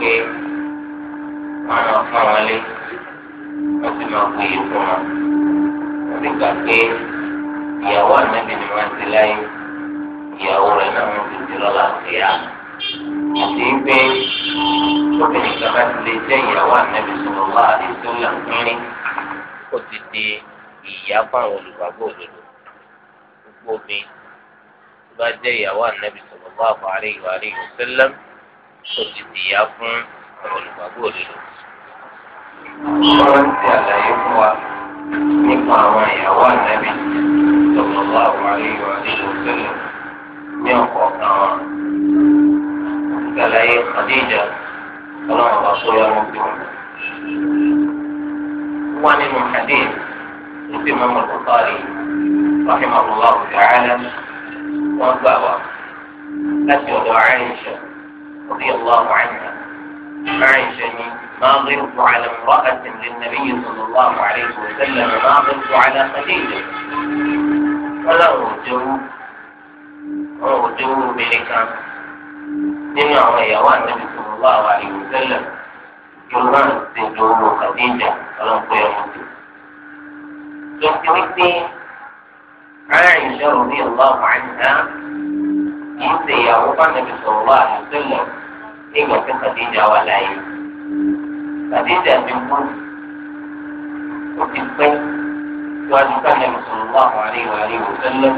pé wọn máa fún wọn lé wọn sì máa pè é fún wọn wọn sì gbà pé ìyàwó ànábì ni wọn ti láyé ìyàwó rẹ náà wọn ti di lọ́la sí i àti pé tóbìnrin kan bá ti lè jẹ́ ìyàwó ànábì sọ̀rọ̀ wá àdéhùn làǹkìrín ó ti di ìyá fáwọn olùgbàgbọ́ òdodo gbogbo obìnrin bá jẹ́ ìyàwó ànábì sọ̀rọ̀ wá àfọ̀ àríyọ̀ àríyọ̀ sẹ́lẹ̀mù ó ti dìyà fún olùgbàgbọ́ òdodo. wọ́n ti àlàyé fún wa nípa àwọn ìyàwó ànábì lọ́wọ́ àwọn àríwá àdéhùn sẹ́lẹ̀ ní ọ̀kọ̀ọ̀kan wọn. ìgbàláyé Khadija ọlọ́run bá sọ́yà wọn bí wọn. wọ́n nínú hadith níbi mọ́mọ́ bukari rahimahullah ta'ala wọ́n gbà wá láti ọ̀dọ̀ Aisha. رضي الله عنها أعجني ما غرت على امرأة للنبي صلى الله عليه وسلم ما غرت على خديجة فلا أرجو أرجو بك من يا النبي صلى الله عليه وسلم جمعان سجوم خديجة فلم يرد جمعت مثلي عائشة رضي الله عنها إن سيارة النبي صلى الله عليه وسلم ni nígbà tí Khadija wà láyé Khadija ti kú ó ti pẹ́ síwájú káàdì sallallahu alaihi wa alihi wa sallam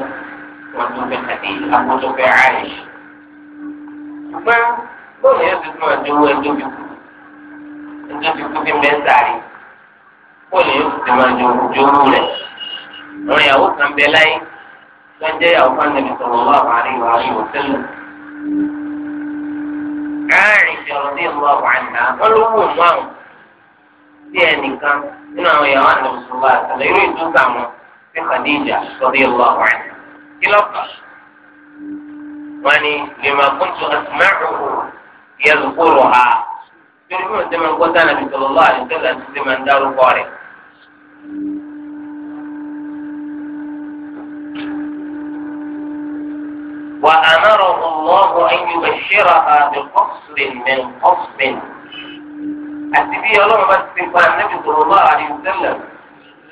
wọ́n tún fẹ́ Khadija àwọn tó fẹ́ Aisha. ṣùgbọ́n bóyá yóò ti fún ẹ̀dínwó ẹjọ́ fi kú ẹjọ́ fi kú bí mẹ́sàárì bóyá yóò ti máa jọ ojúrú rẹ̀ ọ̀rẹ́yàwó kan bẹ láyé tó ń jẹ́ ìyàwó kan Nabi sallallahu alaihi wa alihi wa sallam. Àìṣà ọ̀dẹ́ ìlú àwọn àná wọn ló wù mọ́ àwọn sí ẹnìkan nínú àwọn ìyàwó àtọ̀sọ̀lá àtàlẹ́ irú ìtúkà wọn sí Khadija ọ̀dẹ́ ìlú àwọn àná kí lọ́kàn wọn ni lèmọ̀ kúntù asùmáàrùkù yẹ lùkúrò ha torí bí wọn ti máa ń gbọ́ sànà bìtọ̀lọ́lá àdìsọ́lá ti ti máa ń dárúkọ rẹ̀. وأمره الله أن يبشرها بقصر من قصب أتبي الله بس تنفى النبي صلى الله عليه وسلم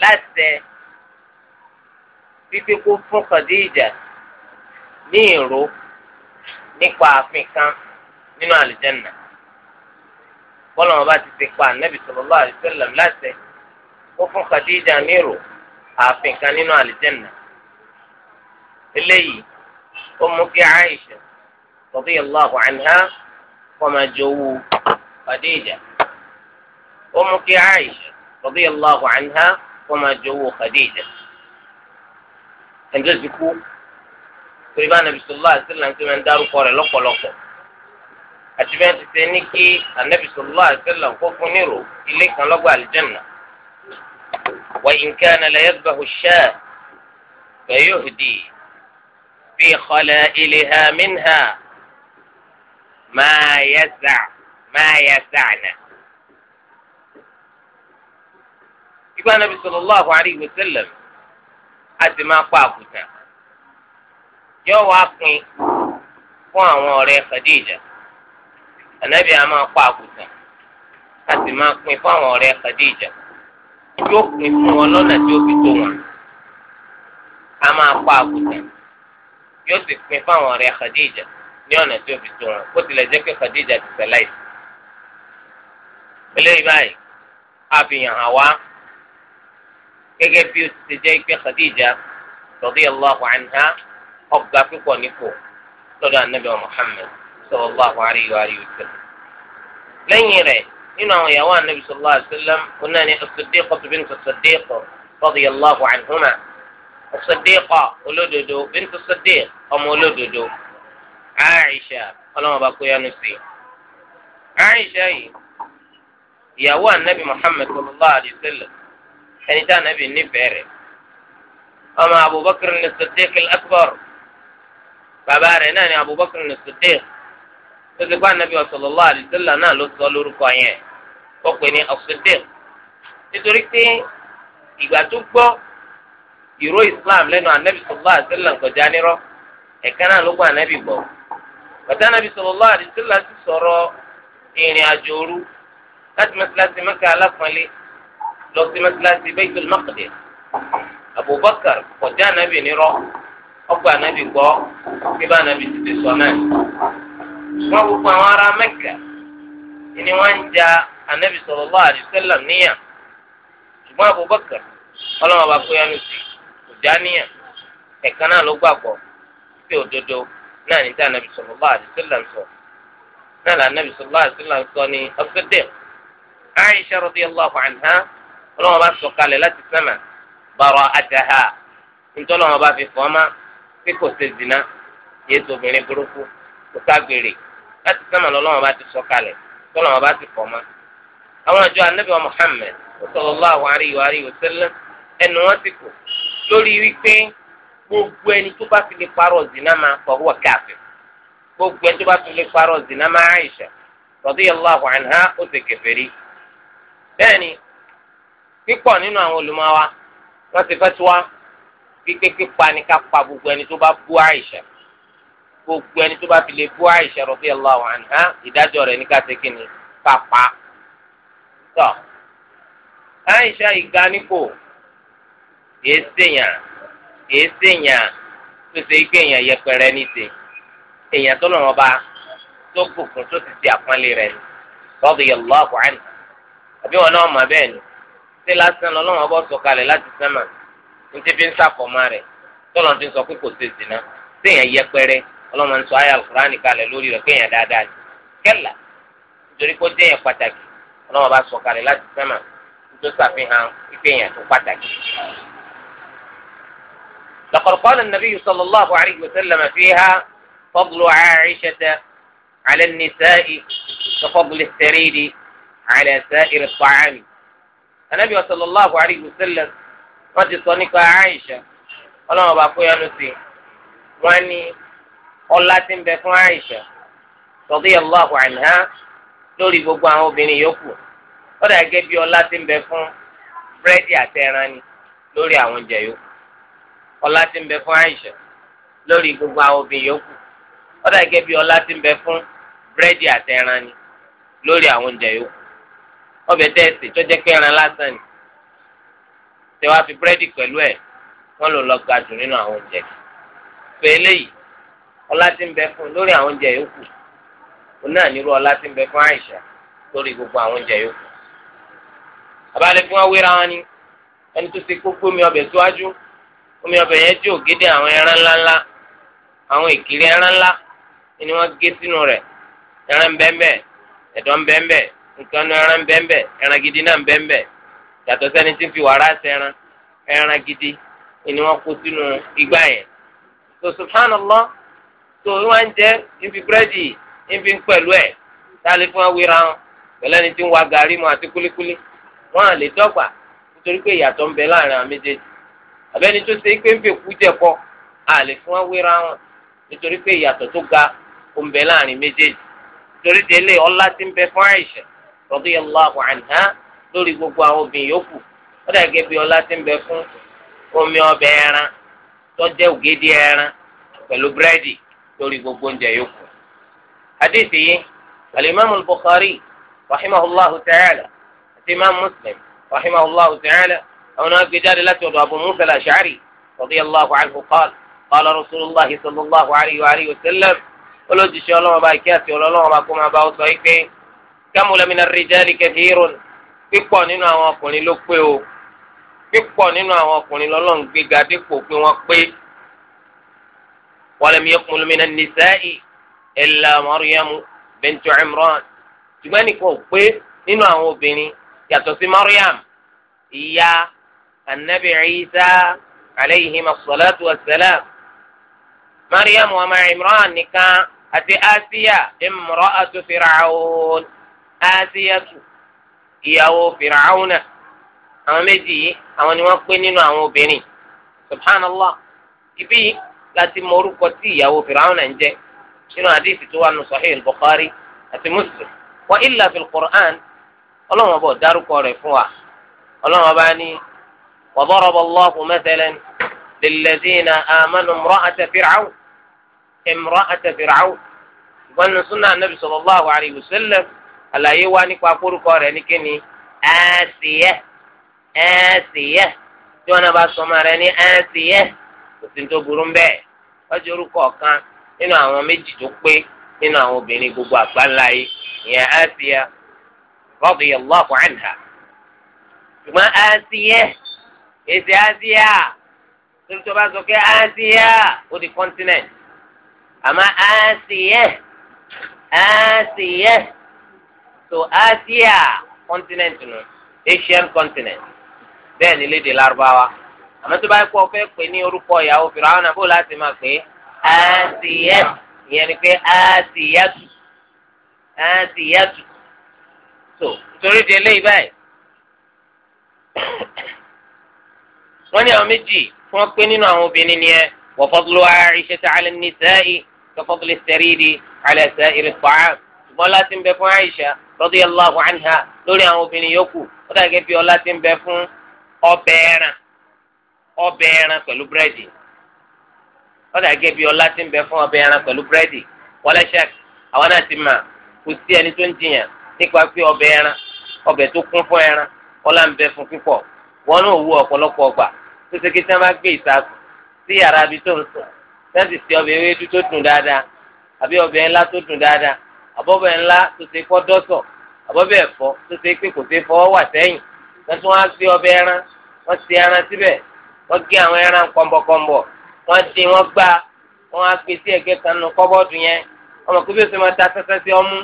لا fífi kú fún Khadija ní ìró nípa ààfin kan nínú àlùjẹ́nà bọ́lọ̀mọ́ bá ti ti pa ànábì sallallahu alaihi wasallam láṣẹ ó fún Khadija ní ìró ààfin kan nínú àlùjẹ́nà eléyìí ó mú kí Aisha radiyallahu anha kó máa jowú Khadija ó mú kí Aisha radiyallahu anha kó máa jowú Khadija ẹnjẹ ti kú torí bá Ànábì sallallahu alaihi wasallam ti máa ń dárúkọ rẹ̀ lọ́pọ̀lọpọ̀ àti bí wọn ti ṣe ní kí Ànábì sallallahu alaihi kó fún nírò ilé kan lọ́gbà àlùjànnà wa in kana la yadbahu ash في خلائلها منها ما يسع ما يسعنا ìgbà nàbì sallallahu alayhi wa sallam a sì máa pa àkùtà yóò wá pín fún àwọn ọ̀rẹ́ Khadija ànábì a máa pa àkùtà a sì máa fún àwọn ọ̀rẹ́ Khadija yóò pín fún wọn lọ́nà tí ó fi tó wọn a máa pa àkùtà. yóò sì pín fáwọn ọ̀rẹ́ Khadija ní ọ̀nà tí ó fi tó wọn bó tilẹ̀ jẹ́ pé Khadija ti sẹ̀ sẹ̀láì. eléyìí báyìí a fi án wá. gẹ́gẹ́ bí ó ti ṣe jẹ́ pé Khadija radiyallahu anha ọ̀gá púpọ̀ nípò lọ́dọ̀ anabi Muhammad sallallahu alayhi wa sallam. lẹ́yìn rẹ̀ nínú àwọn ìyàwó anabi sallallahu alayhi wa sallam onáni as-Siddiqah bint as-Siddiq radiyallahu anhuma. as-siddiqa olódodo bintu as-siddiq ọmọ olódodo aisha ọlọ́mọba kó yánu sí aisha yìí ìyàwó anabi muhammed sallallahu alayhi wa sallam ẹni tí anabi nífẹ̀ẹ́ rẹ̀ ọmọ abubakar ní siddiq al-akbar bàbá rẹ̀ náà ni abubakar ní siddiq tó ti gbá anabi sallallahu alayhi wa sallam náà ló sọ lórúkọ yẹn ó pè ní as-siddiq nítorí pé ìgbà tó gbọ́ ìró islam lẹ́nu anabi sallallahu alaihi wasallam kọjá nírọ́ ẹ̀ka náà ló gbọ́ anabi gbọ́ bàtà anabi sallallahu alaihi wasallam ti sọ̀rọ̀ ìrìn àjò òru láti mẹsàlásì mẹ́kà alápọ̀nlé lọ sí mẹsàlásì baytul maqdis abubakar kọjá anabi nírọ́ ọgbà anabi gbọ́ bíbá anabi ti ti sọ náà wọn gbogbo àwọn ará mẹ́kà ni wọ́n ń ja anabi sallallahu alaihi wasallam níyà ṣùgbọ́n abubakar ọlọ́mọba kó yánu sí i. dánìyàn ẹ̀kan náà ló gbàgbọ́ pé òdodo náà níta anabi sallallahu alaihi wasallam sọ náà là anabi sallallahu alaihi wasallam sọ ní ọsídẹ̀ẹ́ Aisha radiyallahu anha ọlọ́wọ́n bá sọ kalẹ̀ láti sẹ́mà bàrọ̀ ntọ́lọ́wọ́n bá fi fọ́ ma pé kò ṣe zina yéé obìnrin burúkú kò ságbèrè láti sẹ́mà bá ti sọ kalẹ̀ tọ́lọ́wọ́n bá ti fọ́ àwọn àjọ lórí wípé gbogbo ẹni tó bá fi lè parọ́ zina máa gbogbo ẹni tó bá fi lè parọ́ zina máa Aisha radiyallahu anha ó ti kèfèrí bẹ́ẹ̀ni pípọ̀ nínú àwọn olùmọ̀wá wọ́n ti fẹ́ tí wá pípé ni ká pa gbogbo ẹni tó bá bú gbogbo ẹni tó bá fi lè bú ìdájọ́ rẹ̀ ní ká ṣe kíni kìí ṣèyàn kìí ṣèyàn tó ike èèyàn yẹpẹrẹ níṣe èèyàn tó lọ́wọ́ bá tó bùkún tó ti ṣe àpọ́nlé rẹ̀ radiyallahu anhu àbí wọn náà mọ̀ bẹ́ẹ̀ ni ṣé lásán lọ́wọ́ bọ́ sọ̀kalẹ̀ láti sẹ́mà ní fi ń sàfọ̀mọ́ rẹ̀ tọ́lọ́n ti sọ pé kò ṣe zina yẹpẹrẹ ọlọ́mọ ń sọ ayé lórí kéèyàn dáadáa ni لقد قال النبي صلى الله عليه وسلم فيها فضل عائشة على النساء كفضل الثريد على سائر الطعام النبي صلى الله عليه وسلم قد صنف عائشة ọlọ́run ọba kó yanu sí wọn ní ọlá tí ń bẹ fún Aisha radiyallahu anha lórí gbogbo àwọn obìnrin yòókù ó dà gẹ́gẹ́ bí ọlá tí ń bẹ fún búrẹ́dì àtẹran ni lórí àwọn oúnjẹ yòókù ọlá tí ń bẹ fún Aisha lórí gbogbo àwọn obìnrin yòókù ọdọ gẹ́gẹ́ bí ọlá tí ń bẹ fún búrẹ́dì àtẹran ni lórí àwọn oúnjẹ yòókù ọbẹ̀ tẹ́ẹ̀sì tó jẹ́ pé ẹran lásán ni tẹ wá fi búrẹ́dì pẹ̀lú ẹ̀ wọ́n lò lọ ga jù nínú àwọn oúnjẹ pé eléyìí ọlá tí ń bẹ fún lórí àwọn oúnjẹ yòókù òun náà nírú ọlá tí ń bẹ fún Aisha lórí gbogbo àwọn oúnjẹ yòókù àbálẹ̀ fún wa wéra wọn ni ẹni tó ti kó gbómi ọbẹ̀ síwájú. So omi ọbẹ̀ yẹn jó gédé àwọn ẹran ńláńlá àwọn ìkiri ẹran ńlá ni wọ́n gé sínú rẹ̀ ẹran bẹ́ẹ̀nbẹ́ ẹ̀dọ̀ bẹ́ẹ̀nbẹ́ nǹkan nu ẹran bẹ́ẹ̀nbẹ́ ẹran gidi náà bẹ́ẹ̀nbẹ́ yàtọ̀ sẹ́ni tí ń fi wàrà sẹ́ran ẹran gidi ni wọ́n kó sínú igbá yẹn tó subhanallah tó wọ́n ń jẹ́ ibi búrẹ́dì ibi pẹ̀lú ẹ̀ táàlì fún awira wọn pẹ̀lú ẹni tí ń wa gàrí mu àti kúlíkúlí wọ́n à lè dọ́gba nítorí pé ìyàtọ̀ ń bẹ láàrin àwọn àbẹ́ni tó ṣe pé ń fèkú jẹ̀kọ́ a lè fún wa wéra wọn nítorí pé ìyàtọ̀ tó ga ó ń bẹ láàrin méjèèjì torí délé ọlá ti ń bẹ fún gbogbo àwọn obìnrin yòókù ó dà gẹ́gẹ́ bí ti ń bẹ fún omi ọbẹ̀ ẹran tó jẹ́ ẹran pẹ̀lú búrẹ́dì gbogbo oúnjẹ yòókù. alimami Bukhari ta'ala àti imam Muslim ta'ala. àwọn náà gbé jáde láti ọ̀dọ̀ Abu Musa al-Ash'ari radiyallahu anhu qala qala rasulillah sallallahu alayhi wa alihi wa sallam olójúṣe ọlọ́wọ́n bá kí àti ọlọ́wọ́n bá kó máa bá ọ sọ yìí pé kamula mina rijali kathirun pípọ̀ nínú àwọn ọkùnrin ló pé o pípọ̀ nínú àwọn ọkùnrin lọ́lọ́run gbéga dípò pé wọ́n pé walam yakmul mina nisa'i illa maryamu bintu imran ṣùgbọ́n nìkan ò pé nínú àwọn obìnrin yàtọ̀ sí mariam ìyá anabi Isa aleyhi masalatu wa salam mariam wa imran nìkan àti asiya imra'atu firaun asiyatu ìyàwó firauna àwọn méjì yìí àwọn ni wọ́n pé nínú àwọn obìnrin subhanallah ibi láti mọ orúkọ tí ìyàwó firauna ń jẹ́ nínú àdìsí tó wà nù sahih al-bukhari àti muslim wa illa fi al-qur'an ọlọ́run ọba ò dárúkọ rẹ̀ fún wa ọlọ́run ọba ní. وضرب الله مثلا للذين آمنوا امرأة فرعون امرأة فرعون وأن سنة النبي صلى الله عليه وسلم ألا يواني كواكور كوريني كني آسية آسية tí wọn bá sọ máa rẹ ní ẹ́ẹ́sìyẹ́ kò sí tó burú ń bẹ́ẹ̀ lọ́jọ́ orúkọ ọ̀kan nínú àwọn méjì tó pé nínú àwọn obìnrin gbogbo àgbáńlá yìí ìyẹn ẹ́ẹ́sìyẹ́ radiyallahu anha ṣùgbọ́n ẹ́ẹ́sìyẹ́ èsì Asia torí tó bá sọ pé Asia ó di continent àmọ́ Asia Asia so Asia continent nù Asian continent bẹ́ẹ̀ ni léde Lárúbáwá àmọ́ tó bá yẹ kó o fẹ́ pè ní orúkọ ìyàwó Fìràwọn àbó láti máa pè Asia ìyẹn ni pé Asia tù Asia tù so torí di eléyìí báyìí. wọ́n ní àwọn méjì tí wọ́n pé nínú àwọn obìnrin ni ẹ wa fadlu Aishata ala nisa'i ka fadli saridi ala sa'iri ta'am ṣùgbọ́n láti ń bẹ fún Aisha radiyallahu anha lórí àwọn obìnrin yòókù ó dàgẹ́ bí ọlá ti ń bẹ fún ọbẹ̀ ẹran ọbẹ̀ ẹran pẹ̀lú búrẹ́dì ti ń bẹ fún ọbẹ̀ ẹran wala tó ṣe kí tí wọ́n bá gbé ìsàkùn sí yàrá ibi tó ń sùn náà sì ṣe ọbẹ̀ ewédú tó dùn dáadáa àbí ọbẹ̀ ńlá tó dùn dáadáa àbọ̀bẹ̀ ńlá tó ṣe kọ́ dọ́sọ̀ àbọ̀bẹ̀ ẹ̀fọ́ tó ṣe pé kò ṣe fọwọ́ wà sẹ́yìn wọ́n tún wá sí ọbẹ̀ ẹran wọ́n ṣe ẹran síbẹ̀ wọ́n gé àwọn ẹran kọ̀m̀bọ̀kọ̀m̀bọ̀ wọ́n dín wọ́n gbá wọ́n á gbé sí ẹ̀gẹ́ kan nù kọ́bọ́ọ̀dù yẹn ọmọ kó bí o ṣe máa ta sẹ́sẹ́ sí ọmú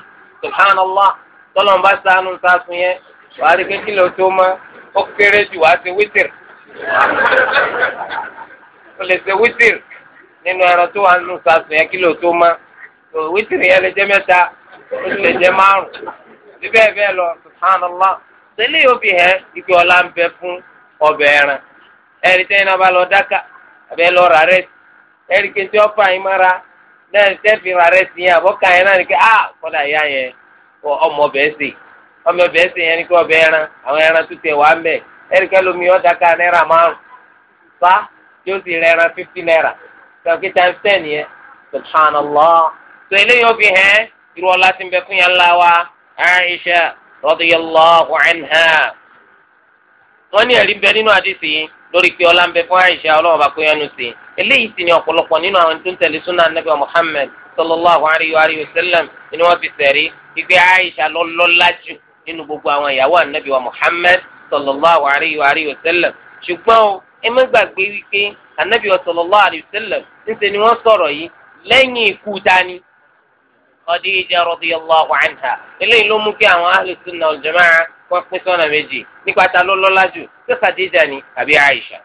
subhanallah tọ́lọ́mùbá sànù sàtún o lè ṣe wítìrì nínú ẹran tó wà nínú sàṣùn yẹn tó má wítìrì yẹn lè jẹ mẹ́ta ó lè jẹ márùn bẹ́ẹ̀ lọ tẹ́lẹ̀ yóò fi ike ọlá ń bẹ fún ọbẹ̀ ẹran ẹ̀rí tẹ́yìn náà bá lọ dáka àbẹ́ lọ rà rẹ̀ ẹ̀rí kejì ọ̀fà yìí má ra náà tẹ́fì rà rẹ̀ sí yẹn àbọ̀ká yẹn náà ni kọ́dà yá yẹn ọmọ ọmọ yẹn ni ẹ̀ríkẹ́ lomi ọ̀dà ká náírà márùn fa tí ó sì rẹran fifty náírà sọ̀kì times ten yẹn subhanallah tó eléyìí ó fi hẹ́n irú ọlá tí ń bẹ fún yẹn ńlá wa Aisha radiyallahu anha wọ́n ní ẹ̀rí bẹ nínú àdìsí yìí lórí pé ọlá ń bẹ fún àìsà ọlọ́wọ́ bá péyanu sí i eléyìí sì ni ọ̀pọ̀lọpọ̀ nínú àwọn tó ń tẹ̀lé súnà ànábì Muhammad sallallahu alayhi wa alayhi wa sallam ni wọ́n fi sẹ̀rí wípé àìsà lọ́lọ́lá jù nínú gbogbo àwọn ìyàwó sallallahu alayhi wa alihi wa sallam ṣùgbọ́n o ẹ má gbàgbé wípé anabi wa sallallahu alayhi wa sallam ńṣe ni wọ́n sọ̀rọ̀ yìí lẹ́yìn ikú tani Khadija radiyallahu anha eléyìí ló mú kí àwọn ahlu sunnah wal jama'a wọ́n pín sọ́nà méjì nípa ta ló lọ́lá jù ṣé Khadija ni àbí Aisha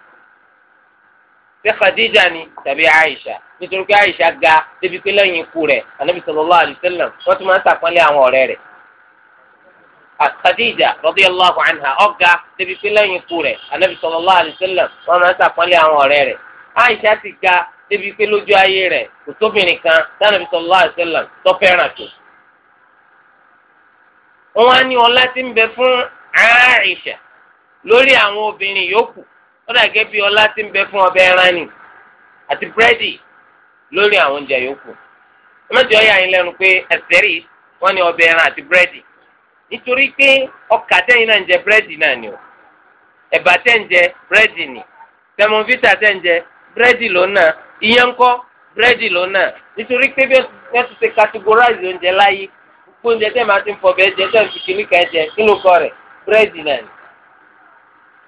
ṣé Khadija ni tàbí Aisha nítorí pé Aisha ga débi pé lẹ́yìn ikú rẹ̀ anabi sallallahu alayhi wa sallam wọ́n tún máa ń sàpọ́nlé àwọn ọ̀rẹ́ rẹ̀ Khadija radiyallahu anha ọ̀gá débi pé lẹ́yìn ikú rẹ̀ anabi alayhi wọn máa ń sàpọ́nlé àwọn rẹ̀ Aisha ti ga débi pé lójú ayé rẹ̀ kò kan tánàbí sallallahu alayhi tó. wọn á ní ọlá tí ń bẹ fún Aisha lórí àwọn obìnrin yòókù dà bí ọlá tí ń bẹ fún àti lórí àwọn nítorí pé ọkà tẹ́yìn náà ń jẹ búrẹ́dì náà ni o ẹ̀bà tẹ́ ń jẹ búrẹ́dì ni tẹmọfítà tẹ́ ń jẹ búrẹ́dì lónà ìyẹn ńkọ́ búrẹ́dì lónà nítorí pé bí wọ́n ti ṣe categorize oúnjẹ láyé gbogbo oúnjẹ tẹ́ máa ti ń fọbẹ̀ jẹ tẹ́ ń fi kìlí kan jẹ kílò kọ rẹ̀ búrẹ́dì náà ni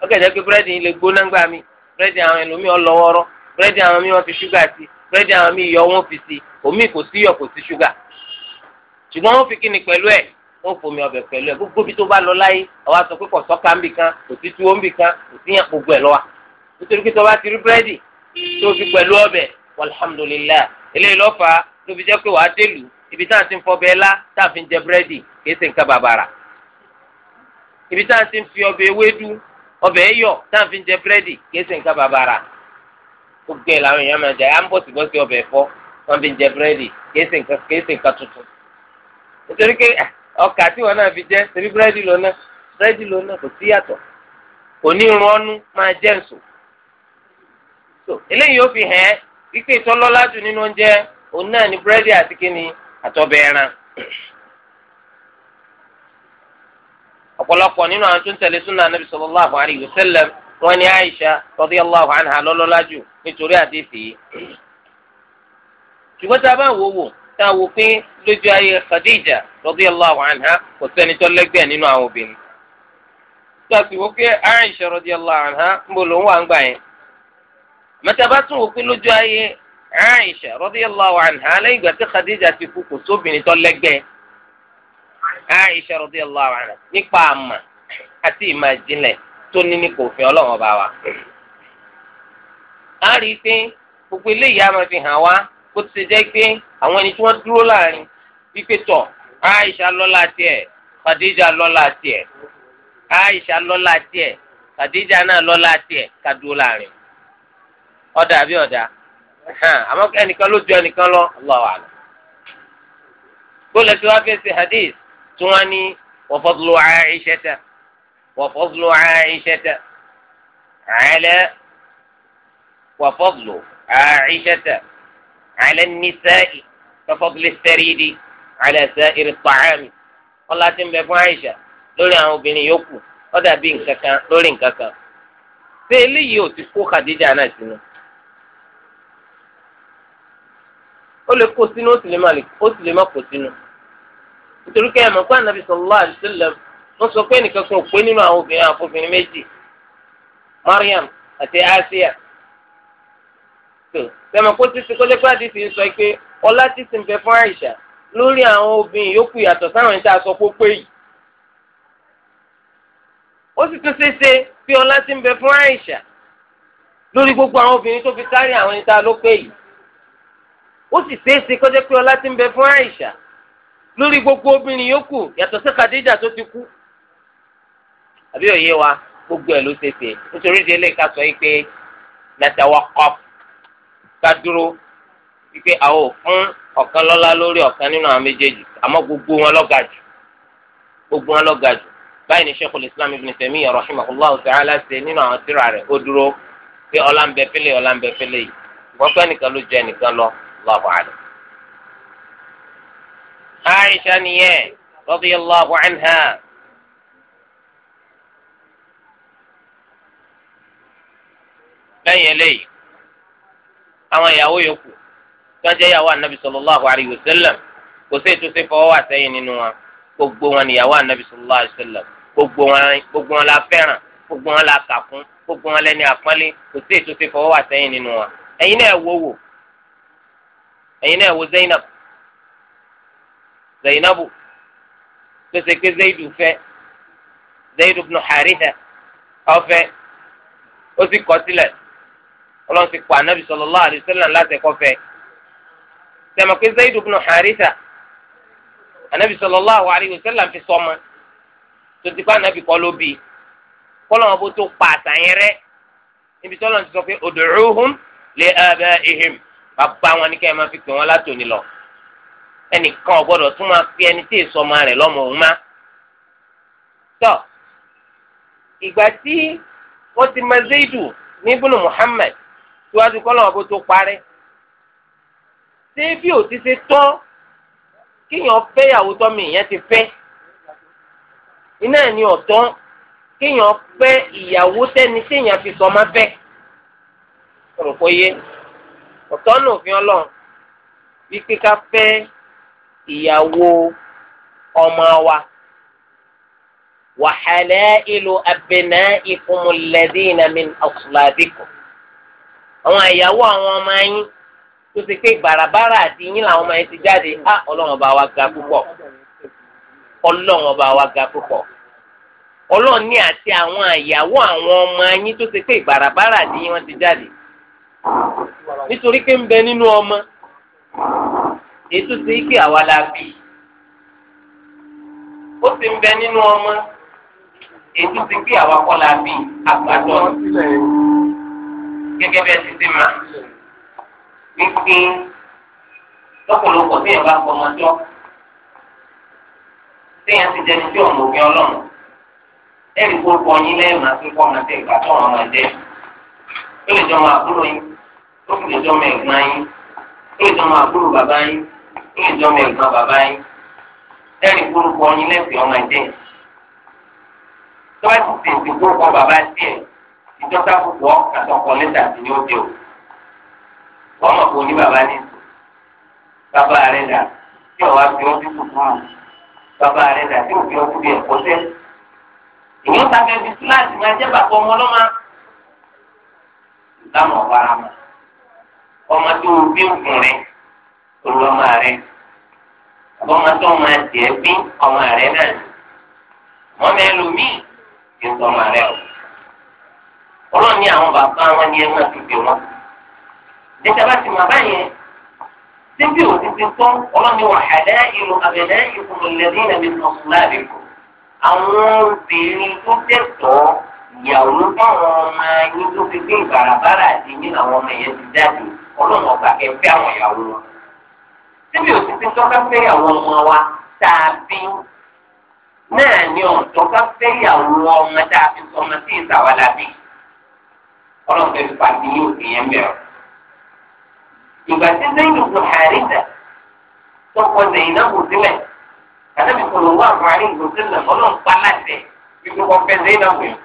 ọkà jẹ́ pé búrẹ́dì yìí lè gbóná gbà mí búrẹ́dì àwọn ẹlòmíì ọlọ́wọ́rọ́ búrẹ́dì àwọn míì wọ́n fi ṣúgà sí búrẹ́dì àwọn míì yọ wọ́n fi sí òmíì kò sí yọ kò sí ṣúgà ṣùgbọ́n wọ́n fi kíni pẹ̀lú ẹ̀ wọn fomi ọbẹ̀ pẹ̀lú ẹ gbogbo bí tó bá lọ láyé àwa sọ pé kò sọ́ka ń bì kan kò sí tuwo ń bì kan kò sí yàn gbogbo ẹ̀ lọ́wọ́ nítorí pé tó bá ti rí búrẹ́dì tó fi pẹ̀lú ọbẹ̀ alhamdulilayi eléyìí lọ́fà ló fi jẹ́ pé wàá délù ibi tá à ń ti fọ bẹ́ẹ̀ lá tá à fi ń jẹ búrẹ́dì kìí ṣe nǹkan bàbàrà ibi tá à ń ti fi ọbẹ̀ ewédú ọbẹ̀ ẹ̀yọ̀ tá à fi ń jẹ búrẹ́dì kìí ṣe nǹkan bàbàrà gbogbo ẹ̀ làwọn èèyàn máa jẹ à ń bọ̀ síbọ̀ sí ọbẹ̀ ẹ̀fọ́ wọ́n fi ń jẹ búrẹ́dì kìí ṣe nǹkan tuntun nítorí pé ah, Ọka tí wọn náà fi jẹ bí búrẹ́dì lónà búrẹ́dì lónà kò sí yàtọ̀ kò ní irun ọnu máa jẹ nsò eléyìí ó fi hàn ẹ́ wípé ìtọ́lọ́lá jù nínú oúnjẹ òun náà ni búrẹ́dì àti kíni àtọ̀bẹ̀ ẹran ọ̀pọ̀lọpọ̀ nínú àwọn tó ń tẹ̀lé Aisha radiyallahu anha lọ́lọ́lá jù nítorí àdéhìí ṣùgbọ́n tá a tá a wò pé lójú ayé Khadija radiyallahu anha kò sẹ́ni tó lẹ́gbẹ̀ẹ́ nínú àwọn obìnrin tó a sì wò pé Aisha radiyallahu anha ń bò ló ń wà ń gbà yẹn Aisha lẹ́yìn ìgbà Khadija ti kú kò sóbìnrin tó Aisha radiyallahu anha nípa àmà àti ìmà ìjìnlẹ̀ tó ní ní kò bá wa. bó ti jẹ́ pé àwọn ẹni tí wọ́n dúró láàrin wípé tọ̀ Aisha lọ́la tiẹ̀ Khadija lọ́la tiẹ̀ Aisha lọ́la tiẹ̀ Khadija náà lọ́la tiẹ̀ ká dúró láàrin ọ̀dà àbí ọ̀dà àmọ́ ẹnìkan ló ju ẹnìkan lọ Allahu a'lam. gbọ́dọ̀ tí wọ́n fẹ́ ṣe hadith tí wọ́n ní wa fadlu Aishata wa fadlu Aishata ala wa fadlu Aishata. على النساء كفضل الثريد على سائر الطعام والله تنبه عائشة lórí àwọn obìnrin yòókù ó dàbí nǹkan kan lórí ti kó Khadija náà sínú ó kó nítorí kẹ́ ẹ̀ mọ̀ pé ànábì sallallahu alaihi wọ́n sọ pé ẹnìkan kan ò pé nínú tó tẹmọ kó títí kó lẹ́kọ́ àdìsí ń sọ pé ọlá títí ń bẹ fún àìsà lórí àwọn obìnrin yòókù yàtọ̀ sáwọn ìta sọ pé pé yìí. ó sì tún ṣeéṣe pé ọlá ti ń bẹ fún àìsà lórí gbogbo àwọn obìnrin tó fi kárí àwọn ìta ló pé yìí. ó sì ṣeéṣe kó jẹ́ pé ọlá ti ń bẹ fún àìsà lórí gbogbo obìnrin yòókù yàtọ̀ sí kàdíjà tó ti kú. àbí òye wa gbogbo ẹ̀ ló ṣeéṣe nítorí ìdílé ká sọ yìí pé nàtàwọ̀ kọ́pù ká dúró wípé àwọn fún ọ̀kan lọ́la lórí ọ̀kan nínú àwọn méjèèjì àmọ́ gbogbo wọn báyìí ni Ibn ṣe nínú àwọn tíra rẹ̀ ó dúró pé ọlá ń fẹ́lẹ̀ yìí lọ àwọn ìyàwó yòókù tí wọ́n jẹ́ ìyàwó anabi sallallahu alayhi wa sallam kò sí ètò ìfẹ́ fọwọ́ àtẹ́yìn nínú wọn gbogbo wọn ni ìyàwó anabi sallallahu alayhi wa sallam gbogbo wọn la fẹ́ràn gbogbo wọn la kà fún gbogbo wọn lẹ́ni àpọ́nlé kò sí ètò ìfẹ́ fọwọ́ àtẹ́yìn nínú wọn ẹ̀yin náà wò wò ẹ̀yin náà wò Zainab Zainabu tó ṣe pé Zaidu fẹ́ Zaidu ibn Haritha ó ó sì kọ̀ sílẹ̀ ọlọ́run ti pa anabi sallallahu alaihi láti ẹ̀kọ́ fẹ́ sẹ́mi pé zayidu bin haritha anabi sallallahu alaihi wasallam fi sọ́mọ tó ti pa anabi kọ́ ló kọ́lọ́wọ́n bó tó pa tí ọlọ́run ti sọ pé bàbá wọn ni kẹ́hìn máa fi pè wọ́n látòní lọ ẹnìkan tún máa fi ẹni tí èso ọmọ rẹ̀ òun má. ìgbà tí ti ma zayidu, ní muhammad síwájú kọ́lọ́ ọ̀bọ tó parí. ṣé bí ò ti ṣe tán kíyàn fẹ́yàwó tọ́mi ìyẹn ti fẹ́ iná ẹ̀ ní ọ̀tán kéèyàn fẹ́ ìyàwó tẹ́ni téèyàn fi sọ máa fẹ́ ọ̀rọ̀ yé ọ̀tọ̀ nù fi ọlọ́run bí kíká fẹ́ ìyàwó ọmọ wa wa halailu abnaikumul ladina min aslabikum àwọn ìyàwó àwọn ọmọ yín tó ti pé bàràbàrà àti yín làwọn ọmọ yín ti jáde á ah, ọlọ́run ọba wa ga púpọ̀ ọlọ́run ọba wa ga púpọ̀ ọlọ́run ní àti àwọn ìyàwó àwọn ọmọ yín tó ti pé bàràbàrà àti yín wọ́n ti jáde nítorí pé ń bẹ nínú ọmọ ètò ti pé àwa la bí ó sì ń bẹ nínú ọmọ ètò ti pé àwa kọ́ la bí àgbàdo gẹ́gẹ́ bí ẹ ti ti mà wípé lọ́pọ̀lọpọ̀ tí yẹn bá kọ́ ọmọjọ́ tí yẹn ti jẹ́ ní tí òun òfin ọlọ́run ẹ̀rí kó kọ́ yín lẹ́yìn máa fi kọ́ ọmọdé ìgbà tó ọmọ jẹ́ ó lè jọ máa búrò yín ó sì lè jọ máa ẹ̀gbọ́n yín ó lè jọ máa búrò bàbá yín ó lè jọ máa ẹ̀gbọ́n bàbá yín ẹ̀rí kó kọ́ yín lẹ́yìn ọmọ jẹ́ tó bá ti kọ́ bàbá tiẹ̀ ìtọ́ka púpọ̀ àtọkùn lẹ́tà sí ni ó jẹ o wọ́n mọ̀ kó ní bàbá ní sùn bàbá rẹ̀ dà tí ọ̀wá fi ọdún tuntun bàbá rẹ̀ dà tí òfin ọdún bí ẹ̀kọ́ sẹ́ ìwọ́n sábẹ́ fi kíláàsì máa jẹ́ bàbá ọmọ ọlọ́mọ ìdámọ̀ ọ̀bára mọ̀ ọmọ tó o bí ògùn rẹ̀ olùọmọ rẹ̀ ọmọ tó o máa jẹ́ bí ọmọ rẹ̀ náà mọ́mẹ́lòmíì ti rẹ̀ o ọlọ́run ní àwọn bàbá wọn ní ẹ̀rọ àtúgbè wọn. níta bá ti mọ àbá yẹn síbi òtítí tó ọlọ́run ní wàhálẹ́ ìlú abẹ́lẹ́ ìkùnlẹ̀dí ìnàbí mọ̀sùláàbí kù. àwọn obìnrin tó tẹ̀tọ́ ìyàwó báwọn ọmọ yín tó fi gbé ìbàràbàrà àti yín àwọn ọmọ yẹn ti jáde ọlọ́run ọ̀gbà kẹfẹ́ àwọn ìyàwó wọn. síbi òtítí tó kẹfẹ́ àwọn ọmọ wa tàbí náà ni ọ̀tọ́ kẹfẹ́ ìyàwó ọmọ tàbí ọmọ tí ì ọlọ́run fẹ́ pàdé yóò fi yẹn bẹ̀rẹ̀. ìgbà tí zayin kò hàrìsà tọkọ zayin náà kò sílẹ̀ àdàbí kò ló wà lówó àárín kò sílẹ̀ ọlọ́run pa láti ibi kò fẹ́ zayin náà kò yẹ.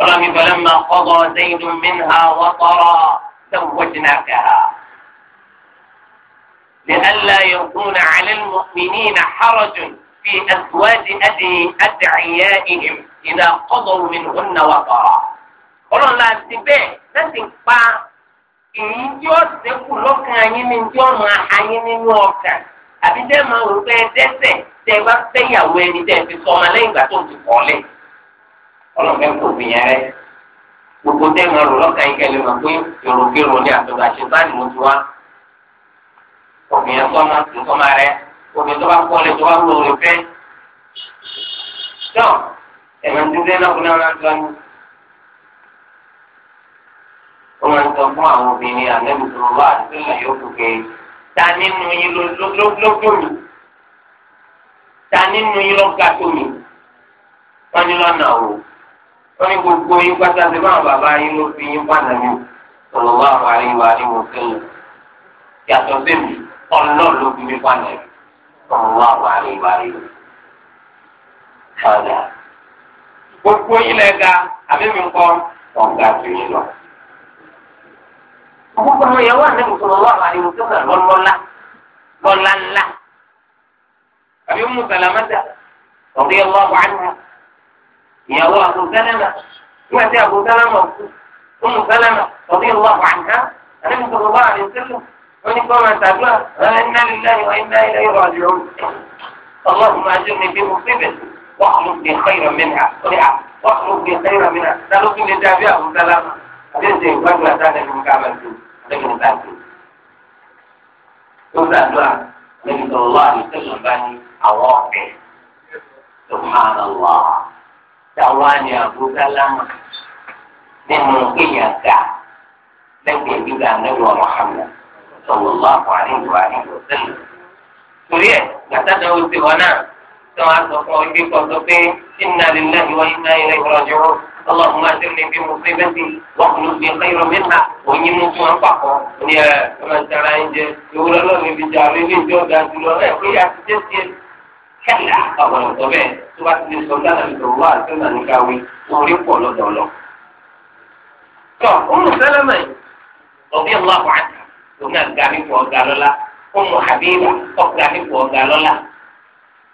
ọlọ́run ìbẹ̀rẹ̀ máa kọ́kọ́ zayin tó mí mìíràn wọ́n tọrọ sẹ́wọ́n jìnnà kẹ́hà. لئلا يكون على المؤمنين حرج في أزواج أدعيائهم ìdá kọ́dọ̀rù mi nìkan náà wà fọ́ọ̀rọ̀ ọlọ́run la ti bẹ́ẹ̀ láti pa èyí tí ó sẹ́kù lọ́kàn yín ni tí ó máa ha yín nínú ọkàn àbí tẹ́ máa wò pé dẹ́sẹ̀ tẹ́ bá fẹ́yàwó ẹni tẹ́ fi sọ ọmọ lẹ́yìn ìgbà tó ti kọ́lẹ̀ ọlọ́run fẹ́ kó fi yẹn rẹ́ gbogbo tẹ́ máa rò lọ́kàn yín kẹ́lẹ́ máa pé èròkèrò ní àtọ̀gbà ṣe báyìí mo ti wá obìnrin ẹ̀mí ti dé náà kúnlẹ̀ máa ń sọ ní. ó máa ń sọ fún àwọn obìnrin àlẹ́bù tó wà sílẹ̀ yòókù pé ta nínú yín lójú mi ta nínú yín lọ́gà tó mi wọ́n ní lọ́nà o wọ́n ní gbogbo yín pátá sí báwọn bàbá yín ló fi yín pàdé mi sọ̀rọ̀ wá àwọn àríwá àríwá sílẹ̀ yàtọ̀ sí mi ọlọ́ọ̀ ló fi mi pàdé mi sọ̀rọ̀ wá àwọn àríwá àríwá gbogbo yín lẹ ga àbí mi kọ́ ọ̀gá tó yín lọ. gbogbo àwọn ìyàwó àti mùsùlùmí wà wà ní mùsùlùmí lọ́lọ́lá lọ́lá ńlá. àbí mú sàlámẹ́tà ọ̀gbẹ́ ọlọ́ wà ní ìyàwó àbò sálẹ́mà nígbà tí àbò sálẹ́mà kú mú sálẹ́mà ọ̀gbẹ́ ọlọ́ wà ní àbí mùsùlùmí wà ní wọ́n ní kọ́ máa tàdúrà ọ̀rẹ́ iná lílẹ̀ ìwà iná ilẹ̀ واخلق لي خيرا منها سعة واخلق لي خيرا منها قالوا لي دافع وسلام بيزي فجوة ثانية من كامل لكن ذاتي يقول أدعى النبي صلى الله عليه وسلم بني أواقع سبحان الله تواني أبو سلام من ممكن لم يجد النبي محمد صلى الله عليه وآله وسلم سوريا نتدعو الزغنان tó a sọ fún ibi kan tó pé inna lillahi wa inna ilayhi raji'un اللهم اجرني في مصيبتي واخلف لي خيرا منها واني ممكن انفقه ni ẹ ẹ máa ń tara ẹ jẹ ìwúrọ lọrùn ibi jà lórí ilé ìjọ ga jùlọ ẹ pé àtijọ́ ti ẹ kẹlẹ àwọn ọ̀tọ̀ bẹ́ẹ̀ tó bá ti lè sọ dáná lè wá àti ọ̀nà níka wí orí pọ̀ lọ́dọ̀ lọ. tọ́ ọmọ sẹ́lẹ̀mẹ̀ ọ̀bí ọ̀la wà á ta òun náà ọ̀gá lọ́la ọmọ àbí ìwà ọ̀gá nípò ọ̀gá lọ́la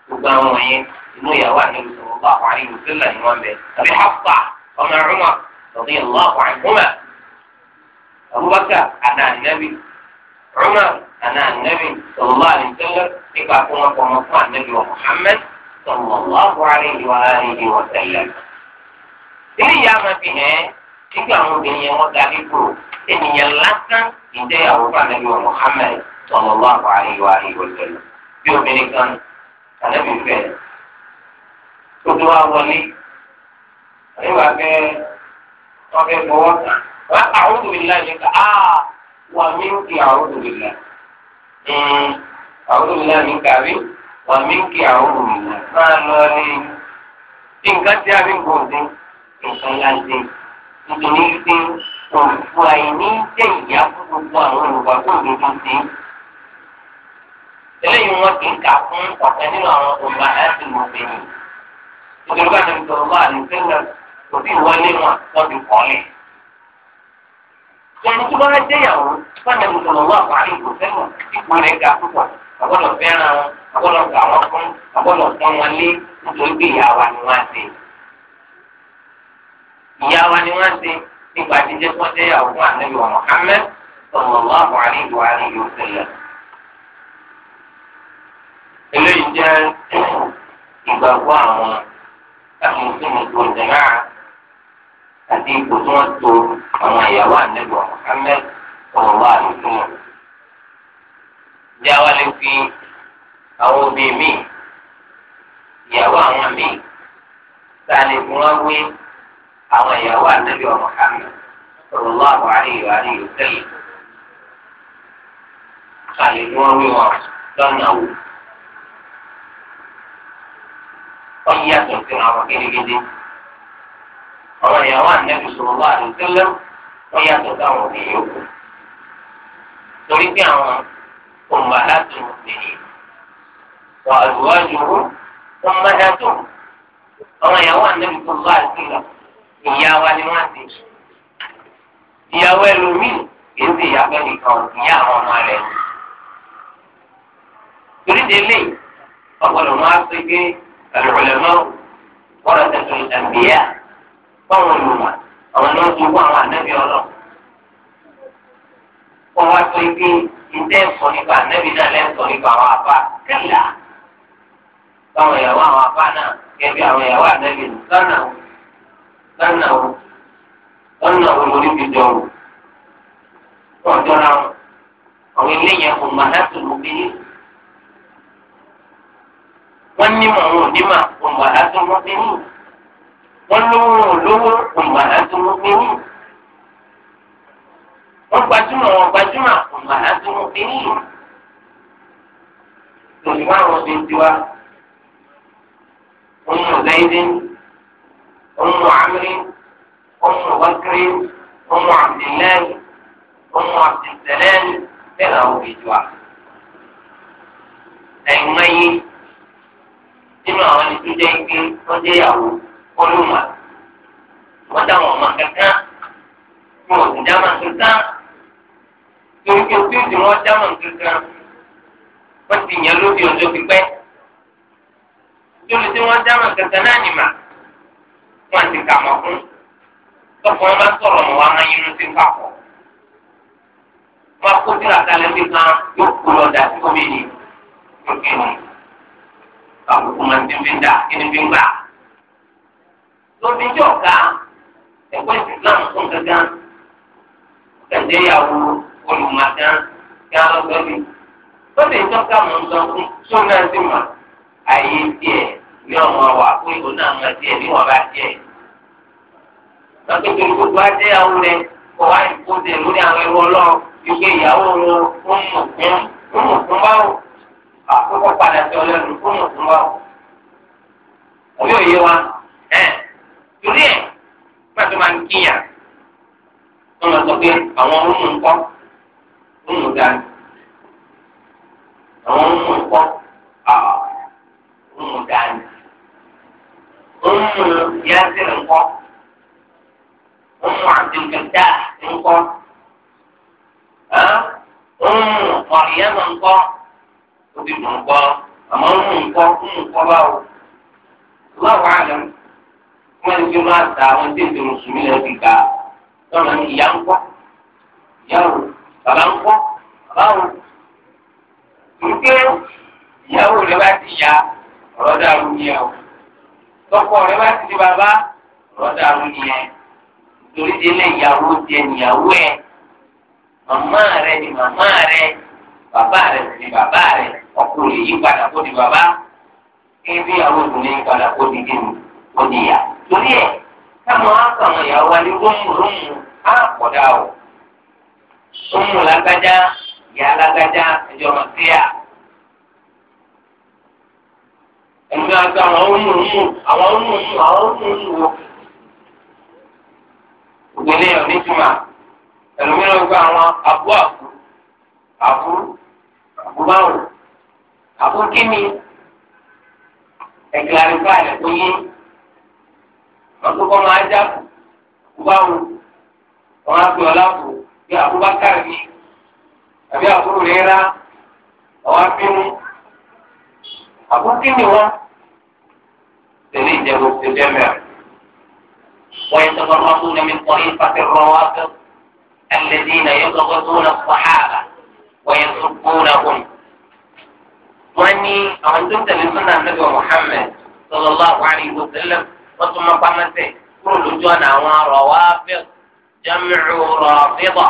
gbogbo àwọn wọ̀nyẹn inú ìyàwó àdúgbò sọ̀rọ̀ bá àwọn àyè òṣèlè ni wọ́n bẹ̀ tàbí Hafsa ọmọ Umar tàbí ìlú àwọn àìkúmẹ̀ Abubakar àná ànábì Umar àná ànábì sọ̀rọ̀ bá àlè òṣèlè nípa àkómọ̀kọ́ fún ànábì wa Muhammad sallallahu alayhi wa alihi wa sallam. Èyí máa fi hàn kíkọ́ àwọn obìnrin yẹn wọ́n darí kúrò. Ènìyàn lásán ìjẹyàwó fún àlejò Mùhàmmad sallallahu alayhi wa alihi wa sallam. Bí obìnrin kan ànábì fẹ́ tó tó wá wọlé àyẹ̀wò abẹ́ wọn fẹ́ fọwọ́ wọn àwọn òbílẹ̀ ní ká áà wà mí ń kí àwọn òbílẹ̀ àwọn òbílẹ̀ ní kàwé wà mí ń kí àwọn òbílẹ̀ máa lọ ní nǹkan tí a fi ń gbọ̀n sí nǹkan láti nítorí pé òfò àìní jẹ́ ìyá fún gbogbo àwọn olùgbàgbọ́ òdodo sí eléyìí wọn kì í kà fún ọ̀kan nínú àwọn ọba láti lò nítorí bá tẹ̀lé tọ̀rọ̀ bá àlè sẹ́lẹ̀ kò sí wọn lọ́dún kọ́lé. tí wọ́n á jẹ́yàwó sẹ́lẹ̀ rẹ̀ ga púpọ̀ àgbọ̀dọ̀ fẹ́ràn àgbọ̀dọ̀ fún àgbọ̀dọ̀ wọn lé nítorí pé ni wọ́n á ni wọ́n á nígbà tí jẹ́ eléyìí jẹ́ ìgbàgbọ́ àwọn ẹ̀mùsùnmù tó dènà àti ipò tí wọ́n to àwọn ìyàwó ànẹ́gbọ̀n Muhammad ọ̀rọ̀ àlùfùnmù. Bí a lè fi àwọn mi ìyàwó àwọn mi tá a fún wọn wé àwọn ìyàwó ànẹ́gbọ̀n Muhammad ọ̀rọ̀ ọ̀yàtọ̀ sí àwọn gédégédé. ọmọ ìyàwó ànẹ́bí sọ̀rọ̀ wá àdùnsílẹ̀ ọ̀yàtọ̀ sáwọn òbí yòókù. torí pé àwọn ọmọláàtò nìyí wà àdùwájú ọmọdátò ọmọ ìyàwó ànẹ́bí sọ̀rọ̀ wá àdùnsílẹ̀ ìyá wa ni ti. ìyàwó ẹlòmíì nìkan ìyá àwọn ọmọ torí délé máa العلماء ورثة الأنبياء فهم الأمة àwọn ni wọn ti wọ àwọn ànábì ọlọ wọn wá tó ibi ìdẹ ẹsọ nípa ànábì náà lẹsọ nípa àwọn àbá kẹlà báwọn ìyàwó àwọn àbá náà kẹbi àwọn ìyàwó ànábì lọnà lọnà o lọnà o lórí fi dọrọ wọ́n nímọ̀ àwọn onímọ̀ òǹgbà láti wọ́n fi ní wọ́n lówó lówó òǹgbà láti wọ́n fi ní wọ́n gbajúmọ̀ wọ́n gbajúmọ̀ òǹgbà láti wọ́n fi ní lórí márùn ọdún tiwa ọmọ zaidin ọmọ amrin ọmọ bakrin ọmọ abdullahi ọmọ abdulsalami bẹ́ẹ̀ làwọn òbí tiwa ẹ̀yìn mẹ́yìn nínú àwọn ẹni tó jẹ́ ike wọ́n jẹ́ ìyàwó olùmọ̀ wọ́n dáwọn ọmọ kankan wọn ò sì dáwọn kankan torí pé tí ó sì wọ́n dáwọn kankan wọ́n ti yàn lóde ọjọ́ pípẹ́ torí tí wọ́n dáwọn kankan náà nìmà wọ́n ti kà mọ́ fún tọkọ wọn bá sọ̀rọ̀ mọ́ wọn máa yínú sí pàpọ̀ wọn kó síra kalẹ̀ nípa yóò kó lọ́ọ́ sí omi ni òkè àkókò máa ti fi dà kí ni fi ń gbà. lóbi tí ọ̀gá ẹ̀kọ́ ìsìlámù fún gángan kẹ̀dé yàwó olùmọ̀dán kí á lọ́gbọ́n mi. lóbi tí ọ̀gá mọ̀ ń sọ fún tó náà sì mà àyè tiẹ̀ ní ọmọ wa pé òun náà máa tiẹ̀ níwọ̀n bá tiẹ̀. lọ́kẹ́tẹ̀ gbogbo ajé yàwó rẹ̀ kò wá ìkóde lórí àwọn ẹrú ọlọ́ọ̀ ìgbé ìyàwó wọn mọ̀ fún mọ̀ fún báwò àkókò padà sí ọlẹ́nu fún mùsùlùmí wa òun wa ẹ̀ torí ẹ̀ pàtó máa ń kíyà wọ́n máa sọ pé àwọn ọmọ nǹkọ́ ọmọ dání àwọn ọmọ nǹkọ́ ọmọ dání ọmọ yánsẹ́ nǹkọ́ ọmọ àdìgbàdà nǹkọ́ ọmọ ọ̀rẹ́yẹ́mọ̀ nǹkọ́ ó ti mọ̀ nǹkọ́ àmọ́ ń mú nǹkọ́ ń mú nǹkọ́ báwo láwọn àlẹ́ wọn ni kí wọ́n máa ta àwọn tí èdè mùsùlùmí lọ ti ga lọ́nà ìyá ńkọ́ ìyá wò bàbá ńkọ́ bàbá wò wípé ìyàwó rẹ bá ti ya ọ̀rọ̀ dàrú ni ẹ̀ o tọkọ rẹ bá ti di bàbá ọ̀rọ̀ dàrú ni ẹ̀ torí délé ìyàwó tiẹ̀ níyàwó ẹ̀ màmá rẹ ni màmá rẹ bàbá rẹ ni bàbá rẹ ọkùnrin yìí padà kó di bàbá kí bí àwọn obìnrin padà kó di kíni kó di ìyá. torí ẹ káwọn akàwọn ìyàwó wa ní rúmù rúmù á pọ̀dà o rúmù lágbájá ìyá lágbájá ìjọba síyà. ẹ̀mí àti àwọn rúmù rúmù àwọn rúmù rúmù àwọn rúmù rúmù wò. ògbẹ́lẹ́ yọ̀ ní jùmọ̀ ẹ̀lòmíràn gba àwọn àbú àbú àbú báwò àbúkí mi ẹ̀gbẹ́ àríwá rẹ̀ tó yé ọdúnkọ́ máa já báwo wọn á fi ọlá fò bí Abubakar ni àbí àbúrò rẹ̀ rà ọwọ́ abínú àbúkí mi wọn tẹ̀lé ìjẹ̀bù ti bẹ́ẹ̀ mẹ́rin. ويتبرؤون من طريقة الروافض الذين يبغضون الصحابة ويسبونهم wọ́n ní àwọn tó tẹ̀lé na níbi Muhammad sallallahu alaihi wa sallam wọ́n tún máa na kúrò lójú ọ̀nà àwọn na jam'u Rafida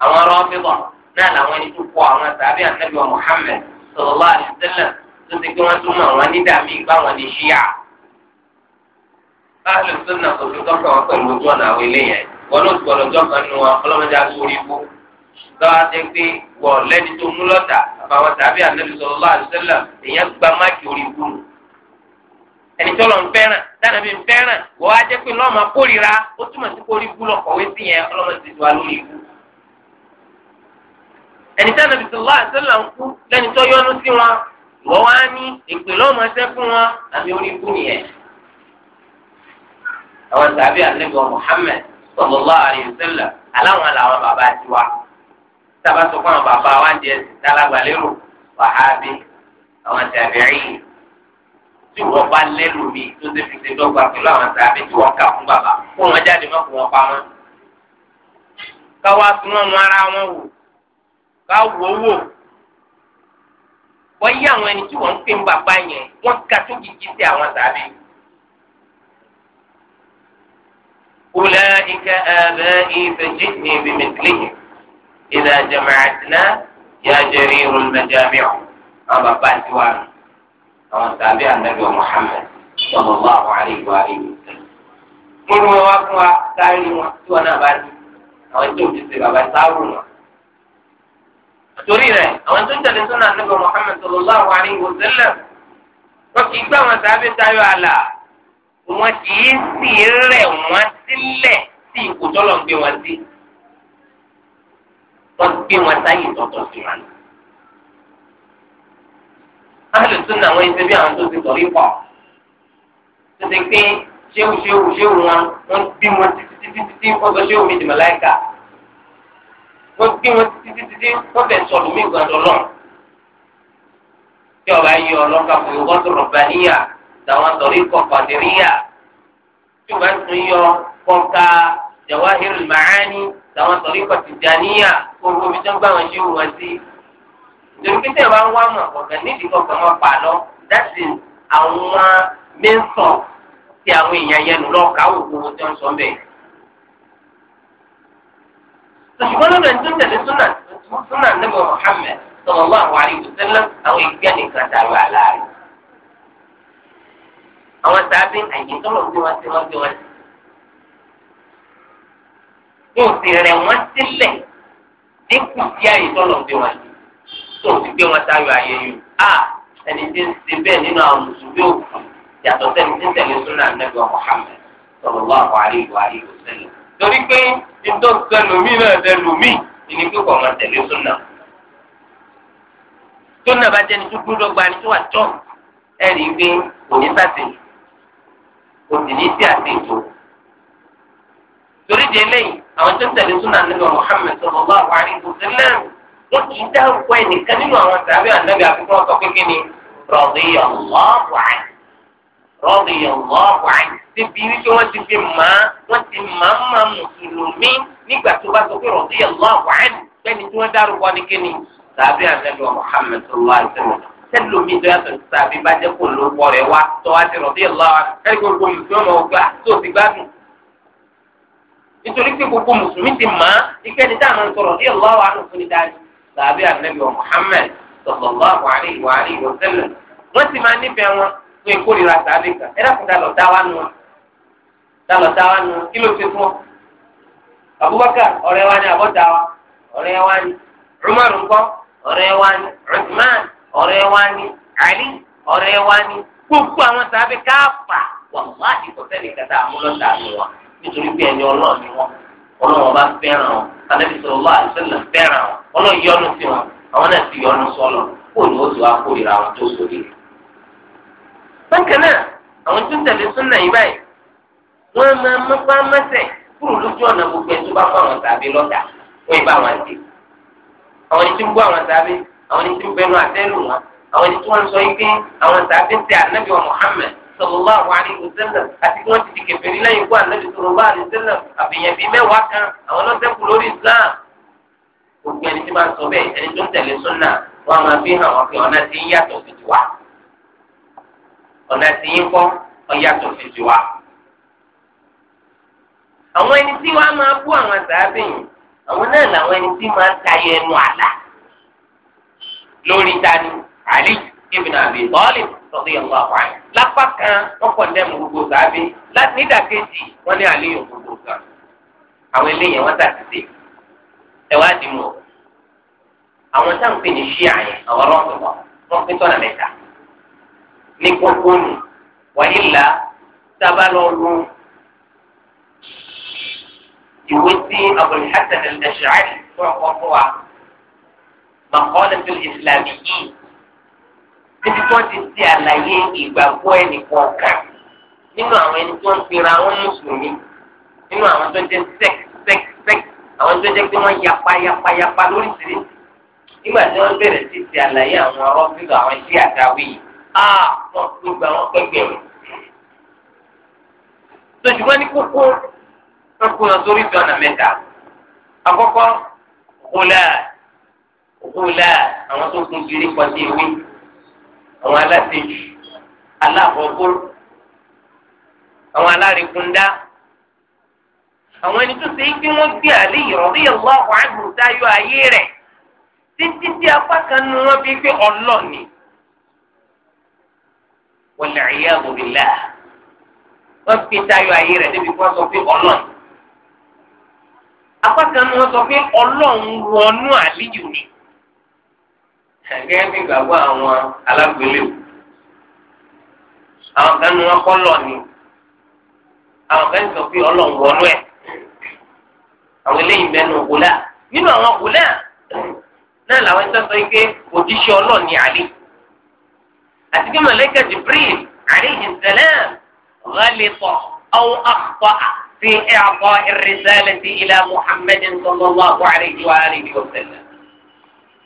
àwọn na náà làwọn ẹni tó kọ àwọn sàbí ànábì Muhammad sallallahu alaihi wa sallam tó ti gbé wọn tún mọ̀ wọn nídàá mí na àbáwọn tàbí ànábì sallallahu alaihi wasallam èèyàn gba máàkì orí ìkúrú ẹni tó lọ ń fẹ́ràn dáná bí ń fẹ́ràn wọ́n á jẹ́ pé lọ́ọ̀mà kórìíra ó túmọ̀ sí kórìí bú lọ́kọ̀wé sí yẹn ọlọ́mọ ti dùn alórí ikú. ẹni tí ànábì sallallahu alaihi wasallam ń kú lẹ́ni tó yọ́nú sí wọn wọ́n wá ní èpè lọ́ọ̀mà ṣẹ́ fún wọn àmì orí ikú nìyẹn. àwọn tàbí ànábì Muhammad sallallahu alaihi wasallam aláwọn làwọn bàbá tiwa sábà sọ fún àwọn bàbá wa ń jẹ dalagbàlérò wàhábí àwọn tàbíyìn tí wọ́n bá lẹ́nu mi tó ṣe fi ṣe dọ́gba pẹ̀lú àwọn tàbí tí wọ́n kà fún bàbá fún wọn jáde má fún wọn pamọ́. káwá tún wọn ara wọn wò ká wò wò wọ́n yí àwọn ẹni tí wọ́n ń pè ń bàbá yẹn wọ́n ka tó kìkì sí àwọn tàbí. أولئك آبائي فجئني بمثلهم ìdá jama'atina yá jẹrí irun mẹjàmíọ àwọn bàbá àti wà nù àwọn tàbí ànábì Muhammad sallallahu alaihi wa alihi kí ni wọn wá fún wa kárí wọn tí wọn náà bá ní àwọn tó ti ṣe bàbá sáárù wọn. torí rẹ̀ àwọn tó ń tẹ̀lé sọ́nà ànábì Muhammad sallallahu alaihi wa sallam wọn kì í gbà wọn tàbí tayọ àlà wọn kì í sì rẹ̀ wọn sílẹ̀ sí ìkòtọ́lọ̀ ń gbé wọn sí wọ́n gbé wọn sáyè tọ̀tọ̀ sí wọn. Áhùn tún náà wọ́n ń ṣe bí àwọn tó ti sọ̀rọ̀ ìpọ̀. Tó ti pé ṣéwù ṣéwù ṣéwù wọn, wọ́n gbé wọn títí títí títí wọ́n sọ ṣéwù mi di màláíkà. Wọ́n gbé wọn títí títí títí wọ́n fẹ̀ sọ̀rọ̀ mí gbọ̀dọ̀ lọ. Tí ọba yí ọlọ́ka fún ìwọ́n sọ̀rọ̀ bàníyà tàwọn sọ̀rọ̀ ìkọ̀ kọ̀dìríyà. Tí ọba tún yọ kọ́ka jawahirul ma'ani làwọn sọ̀rọ̀ ikọ̀ ti dà níyà gbogbo omi tó ń gbà wọn ṣe wọn sí. nítorí pé tẹ̀wá ń wá mọ̀ ọ̀gá nídìí kọ̀ọ̀kan wọn pa lọ dáṣì àwọn mẹ́ńsọ̀ tí àwọn èèyàn yẹnu lọ́ọ̀ká wò gbogbo tó ń sọ bẹ́ẹ̀. ṣùgbọ́n lọ́dọ̀ ẹni tó ń tẹ̀lé súnà súnà níbo Muhammad sọ̀rọ̀ àwọn àríwú sẹ́lẹ̀ àwọn ìgbẹ́ nìkan dàrú àlàáre. àwọn sábẹ́ àyè tọ́lọ̀ gbé wọn sí wọn gbé wọn sí yóò sì rẹ̀ wọ́n sílẹ̀ dínkù sí àyè tọ́lọ̀ gbé wọn yìí tó o ti gbé wọn sáyọ àyè yìí a ẹni tí ń ṣe bẹ́ẹ̀ nínú àwọn mùsùlùmí òkú yàtọ̀ sẹ́ni tí ń tẹ̀lé súnà nẹ́bí wa Muhammad sallallahu alaihi wa alihi wasallam torí pé ìtọ́sẹ̀ lómi náà tẹ lómi ìní pé kọ̀ máa tẹ̀lé súnà súnà bá jẹ́ni tó gbúdọ̀ gba ni tó wà tọ́ ẹ̀rí pé kò ní sàtẹ̀yìn kò sì ní sí àtẹ̀jọ́ torí di eléyìí àwọn tó tẹ̀lé súnà nígbà Muhammad sallallahu alaihi wasallam wọ́n ti dá ọkọ ẹnìkan nínú àwọn sàbẹ̀ ànábì àfikún ọkọ kékeré ni radiyallahu anhu radiyallahu anhu síbi wípé wọ́n ti fi màá wọ́n ti màá ma mùsùlùmí nígbà tó bá sọ pé radiyallahu anhu bẹ́ẹ̀ni tí wọ́n dárúkọ ní kékeré sàbẹ̀ ànábì Muhammad sallallahu alaihi wasallam sẹ́lómi tó yàtọ̀ sàbí bá jẹ́ kó ló kọ́ rẹ̀ wá ti rọ̀ bí ọ̀la wa nítorí pé gbogbo mùsùlùmí ti mọ̀ á ìkẹ́ni tá a máa ń sọ̀rọ̀ ní ọ̀lá wa nùfún dájú tàbí ànábì wa Muhammad sallallahu alaihi wa alihi wọ́n ti máa nífẹ̀ẹ́ wọn Abubakar ọ̀rẹ́ wa ni àbọ̀dá wa ọ̀rẹ́ wa ni Umar ọ̀rẹ́ wa ni Ali ọ̀rẹ́ wa ni gbogbo àwọn tàbí káàpà àmúlọ́ta nítorí pé ẹni ọlọ́run ni wọ́n ọlọ́run ọba fẹ́ràn ọ alẹ́bí sọ̀rọ̀ wá àìsẹ́lẹ̀ fẹ́ràn wọn ọlọ́run yọ́nú sí wọn àwọn náà sì yọ́nú sọ́lọ̀ kó ní oṣù akórira àwọn tó sórí. bákan náà àwọn tó ń tẹ̀lé súnà yìí báyìí wọ́n máa mọ́pá kúrò lójú ọ̀nà gbogbo ẹ̀ tó bá àwọn tàbí wọ́n wọn dé. àwọn ètò ń àwọn tàbí àwọn ètò ń bẹnu àtẹ́lù sallallahu alaihi wasallam àti kí wọ́n ti di kèfèrí lẹ́yìn ikú ànábì sallallahu alaihi wasallam àbẹ̀yẹn bíi mẹ́wàá kan àwọn lọ́sẹ̀kù lórí islam gbogbo ẹni tí máa ń sọ bẹ́ẹ̀ ẹni tó ń tẹ̀lé súnà wọn máa fi hàn wọn pé ọ̀nà tí ń yàtọ̀ sí tiwa ọ̀nà tí ń kọ́ ọ̀yàtọ̀ sí tiwa. àwọn ẹni tí wọ́n máa bú àwọn sàábìyìn àwọn náà làwọn ẹni tí máa ń tayọ ẹnu àlà lórí tani Ali ibn Abi Talib lọ́dún yẹn wà wáyé lápá kan wọ́n kọ̀ ní ẹ̀mú gbogbo sàábí nídàkejì wọ́n ní àlẹ́ yòó gbogbo sàn àwọn eléyìí wọ́n tà títì ẹ̀ wá dì mú o àwọn táwọn pè ní ṣíà yẹn àwọn rọ́ọ̀tù wọn wọ́n pín tọ́nà mẹ́ta ní kókónù wàhílà tábàlọ́ọ̀lù ìwé tí Abul Hasan al fún ọkọ̀ fún wa maqalat al-islamiyyin níbi tí wọ́n ti ṣe àlàyé ìgbàgbọ́ ẹnìkan kan nínú àwọn ẹni tó ń pera wọn mùsùlùmí nínú àwọn tó ń jẹ sẹ́k sẹ́k sẹ́k àwọn tó ń jẹ pé wọ́n yapa yapa yapa lóríṣiríṣi nígbà tí wọ́n bẹ̀rẹ̀ sí ṣe àlàyé àwọn ọ̀rọ̀ fílọ̀ àwọn iṣẹ́ àdáwì yìí á ah, wọ́n tó gba wọn pẹ́gbẹ̀rún. sọ̀jùmọ́ ní kókó wọ́n kó wọn sórí ìdọ́nà mẹ́ta àkọ́kọ́ kólà kólà àwọn tó kún kiri pọ̀ sí ewé àwọn alásèjù aláàfọgbóró àwọn alárìkúndá àwọn ẹni tó ṣe é pé wọ́n gbé àlè ìrọ̀lẹ́ ìlú àwọn àgbòrò dáyọ̀ ayé rẹ̀ títí tí apá kan nu wọn fi pé ọlọ́ọ̀ni wọlé ayé àbòbílà wọ́n fi dáyọ̀ ayé rẹ̀ débi kí sọ pé ọlọ́ọ̀ni apá kan nu wọn sọ pé ọlọ́ọ̀n wọnú àlè yìí gẹ́gẹ́ bí gbàgbọ́ àwọn alágbélébù àwọn kan ní wọn kọ́ lọ ni àwọn kan sọ pé ọlọ́run wọnú ẹ̀ àwọn eléyìí mẹ́nu òkúlá nínú àwọn òkúlá náà làwọn ẹ̀sán sọ pé òjíṣẹ́ ọlọ́run ni àlè àti kí mọ̀lẹ́kà Jibril alayhi salam ghalita aw akhta'a fi i'ta'i ar-risalati ila Muhammadin sallallahu alayhi wa alihi wa sallam.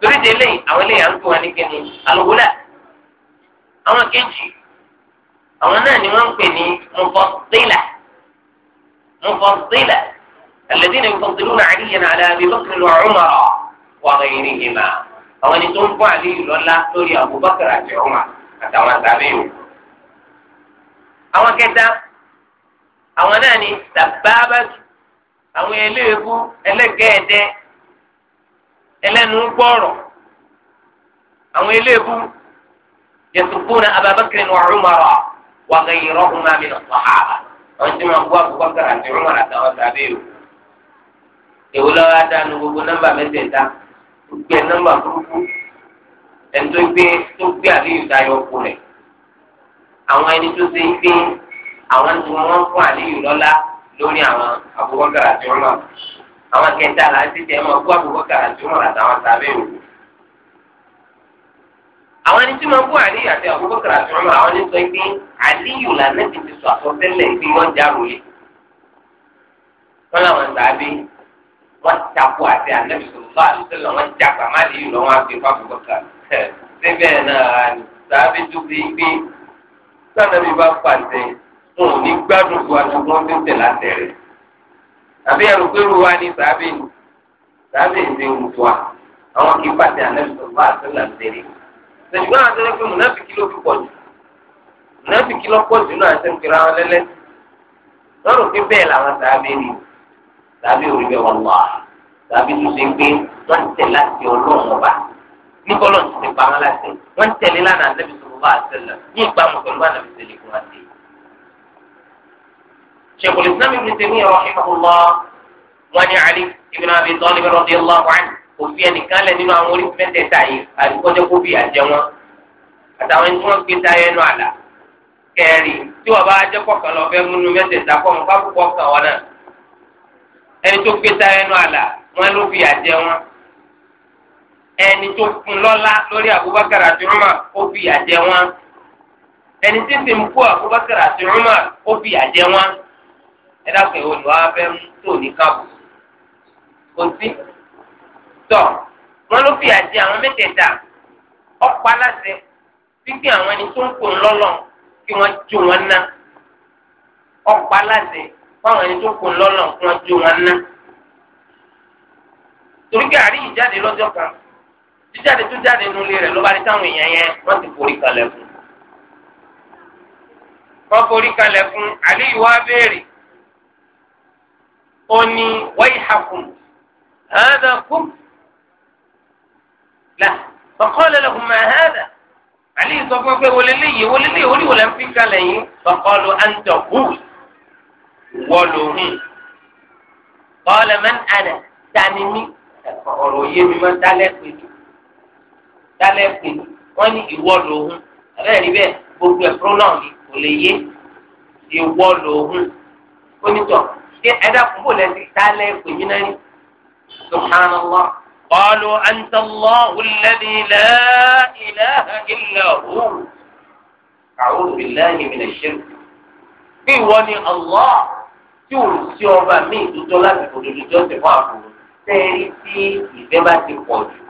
torí de eléyìí àwọn eléyìí ń pè wọn ní kíni alùwúlà àwọn kejì àwọn náà ni wọn ń pè ní mufasila mufasila àwọn ẹni tó ẹlẹ́nu gbọrọ àwọn eléèbú yẹtùkúnà ababakirin wà ọmọrọ wà gẹyìn rọhùnmá mi na sọhábà wọn ti máa bú abubakar àti umar àtàwọn sábẹ́ o èwo lọ́wọ́ gbogbo nọ́mbà mẹ́tẹ̀ẹ̀ta gbẹ nọ́mbà burúkú ẹ̀ńtọ́ gbé tó gbé àlíyù tayọ kú àwọn ẹni tó ṣe àwọn fún lórí àwọn abubakar àwọn kẹta la ti tẹ ẹ máa kú Abubakar àti Umar àtàwọn sábẹ o àwọn ẹni tí máa kú Aliyu àti Abubakar àti Umar àwọn ẹni sọ pé Aliyu là nẹbi ti sọ àsọtẹ́lẹ̀ pé wọn dàrú yẹ wọn làwọn sábẹ wọn takò àti anabi sọlọ àlùsọlọ wọn jàpá má Aliyu lọ wọn àti Abubakar síbẹ̀ náà sábẹ tó fi gbé sanabi bá pàṣẹ wọn ò ní gbádùn fún àtúntò tó ń tẹ̀lé àtẹ̀rẹ̀ àbí ẹrù pẹ̀lú wa ní sàbẹ̀ sàbẹ̀ ìdè olùfọ́ àwọn kì í pàṣẹ ànẹ́bìtò bá àtẹ́lẹ̀ àtẹ́lẹ̀ ṣèjúgbọ́n àtẹ́lẹ̀ pé mùnàfíkì ló fi pọ̀ jù mùnàfíkì ló pọ̀ jù náà àti nkiri àwọn lẹ́lẹ́ lọ́rùn pé bẹ́ẹ̀ làwọn sàbẹ̀ ni sàbẹ̀ orí bẹ́ẹ̀ wọ́n wà sàbẹ̀ tó ṣe pé wọ́n tẹ̀ láti ọlọ́run ọba níbọ̀lọ́ ti ti pa wọn láti wọ́n tẹ̀lé lánàá ànẹ́bìtò bá شيخ الإسلام ابن تيمية رحمه الله وعن علي بن أبي طالب رضي الله عنه òfin ẹnìkan lẹ nínú àwọn oríṣi mẹ́tẹ̀ẹ̀ta yìí àdìgbọ́jọ́ kó bí àjẹ wọn àtàwọn ẹni tí wọ́n gbé táyé ẹnu àlà kẹrì tí wọ́n bá jẹ́ kọ̀ọ̀kan lọ fẹ́ múnú mẹ́tẹ̀ẹ̀ta kọ́ wọn kápò kọ̀ọ̀kan wọn náà ẹni tó gbé táyé ẹnu àlà wọn ló fi àjẹ wọn ẹni tó fún lọ́lá lórí Abubakar àti Umar ó fi àjẹ wọn ẹni tí sì ń kó Abubakar àti Umar ó fi àjẹ wọn ẹ dákun ìwọ ni wàá fẹ́ tó ní káàbù kò sí. tọ wọn ló fìyà jẹ àwọn mẹ́tẹ̀ẹ̀ta ọ̀pọ̀ aláṣẹ fífi àwọn ẹni tó ń pò ń lọ́lọ́ kí wọ́n jó wọn ná ọ̀pọ̀ aláṣẹ fáwọn ẹni tó ń pò ń lọ́lọ́ kí wọ́n jó wọn ná. torí pé àrí ìjáde lọ́jọ́ kan jíjáde tó jáde nulẹ̀ rẹ̀ ló bá ní táwọn èèyàn yẹn wọ́n ti forí kalẹ̀ fún. wọ́n forí kalẹ̀ fún àlẹ́ ìwà béèrè ó ní wáyíhàkùn hàdà kùm là bàkọ́lẹ̀ lẹ́kùn mà hàdà àlẹ́ yìí sọ fún pé wọlé léyìí wọlé léyìí oníwòlé ń fi kalẹ̀ yìí bàkọ́lù àǹtà hùl wọ́ọ̀lù hùn kọ́lẹ̀ mẹ́n àdà tani mí ọ̀rọ̀ yé mi máa dálẹ́ pé dálẹ́ pé wọ́n ní ìwọ lòun ẹ̀rẹ́ rí gbogbo ẹ̀ pronoun kò lè yé ìwọ lòun ó ṣé ẹ̀dá kúkú lẹ́sí tálẹ̀ pè mí náà ní. subhanallah. قالوا أنت الله الذي لا إله إلا هو أعوذ بالله من الشرك bí wọ́n ní Allah tí ò sí ọba mi ìdúdọ́ láti òdodo jọ́sìn fún àbúrò tẹ́rí tí ìfẹ́ bá ti pọ̀ jù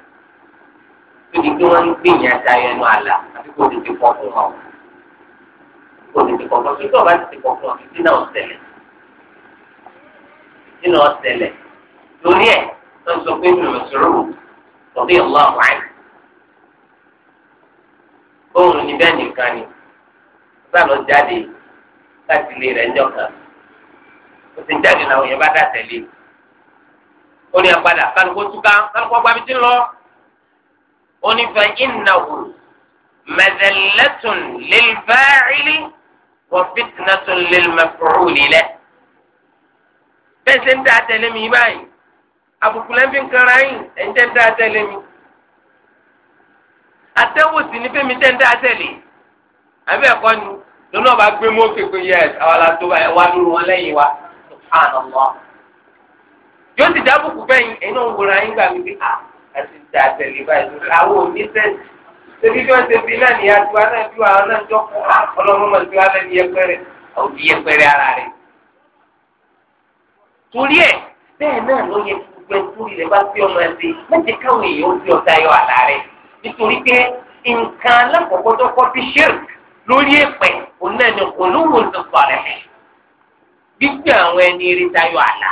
tó di wọ́n ń gbìyànjú àtayọ ẹnu àlà àti kò tètè pọ̀ fún wọn kò tètè pọ̀ fún wọn kí tó bá tètè pọ̀ fún wọn kí náà ṣẹlẹ̀ nínú ọ̀sẹ̀lẹ̀ torí ẹ̀ tó ń sọ pé Ibn Mas'ud ọ̀bí ọ̀lá wáyé òun ní bẹ́ẹ̀ nìkan ni sálọ jáde láti ilé rẹ̀ ńjọ́ kan ó ti jáde làwọn èèyàn bá dà tẹ̀lé ó ní apadà kálukó túká kálukó gbàmí ti lọ ó ní fẹ́ ìnáwó mẹ̀dẹ̀lẹ́tùn lil fa'ili wa fitnatun lil maf'uli lẹ́ẹ̀ bẹ́ẹ̀ ṣe ń dá tẹ̀lé mi báyìí àbùkù lẹ́ńfì ń kanra yìí ẹ̀ ń tẹ́ ń dá tẹ̀lé mi. àtẹ́wò sì ní fẹ́mi tẹ́ ń dá tẹ̀lé àbí ẹ̀kọ́ ni lónà bá gbé mókè pé yẹ àwọn aláàtò ẹ̀ wá lóru wọn lẹ́yìn wa subhanallah. yóò sì dábùkù bẹ́yìn ẹ̀yin náà wòrán yín gbà wípé à ah, àti ń dá tẹ̀lé báyìí àwọn òní sẹ́sì ṣebí bí wọ́n ṣe fi náà nìyá tiwa náà torí ẹ̀ bẹ́ẹ̀ náà ló yẹ gbogbo ẹtú ilẹ̀ bá fi ọmọ ẹsẹ̀ méje káwọn èèyàn fi ọ̀tá yọ àlá rẹ̀ nítorí pé nǹkan alákọ̀ọ́kọ́ tó kọ́ fi ṣírk lórí ẹ̀pẹ̀ òun náà ni kò ló wò rẹ̀ gbígbé àwọn ẹni rí tayọ àlá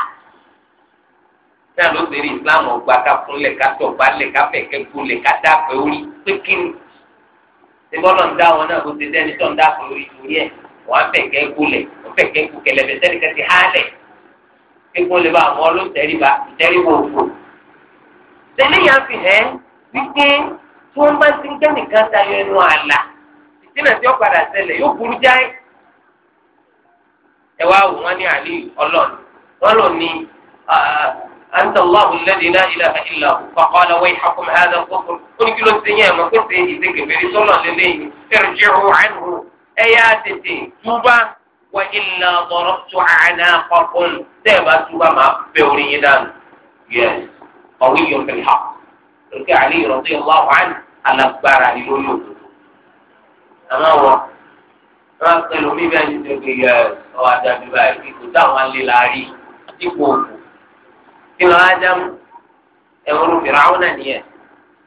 náà ló ṣe rí Islam ọgbà ká fúnlẹ̀ ká tọ̀gbà lẹ̀ ká fẹ̀kẹ́ gbolẹ̀ ká dápẹ́ orí pé kí ni ìbọ́lọ̀ ń dá wọn náà kó ti dẹ́ni tó ń dápẹ́ orí torí ẹ̀ wọ́n fẹ̀kẹ́ gbolẹ̀ wọ́n fẹ̀kẹ́ gbolẹ̀ bẹ́sẹ̀ kíkún lè bá àwọn olóńtẹ̀ríba ìtẹ̀ríba òfò. tẹ́lẹ̀ yà fi hẹ́ wípé tí wọ́n bá ti ń kẹ́nìkan tayọ ẹnu àlà ìtìlẹ̀ tí ó padà ṣẹlẹ̀ yóò burú jáì. ẹ wá wò wọ́n ní àlè ọlọ́ọ̀nù wọ́n lò ní أنت الله الذي لا إله إلا هو فقال ويحكم هذا الكفر قل كيلو سيئة ما كنت إذا كبري صلى الله عليه ارجعوا عنه أياتي wa ilà ọ̀rọ̀ tó àná kọ̀ọ̀kan tẹ́ ẹ̀ bá túbà máa bẹ orí yín dànù. yẹn ọ̀wé yóò fẹ́ ha lókè àlẹ́ ìrọ̀tí ọlá wàá ní alágbára ni lórí òdodo. àmọ́ wọ wọ́n pẹ̀lú mi bẹ́ẹ̀ ní tó gbé ọ̀ àdàbí báyìí kò táwọn alẹ́ rí dípò òkú. kí ló á dámú ẹ̀wọ̀n ló fìrà náà nìyẹn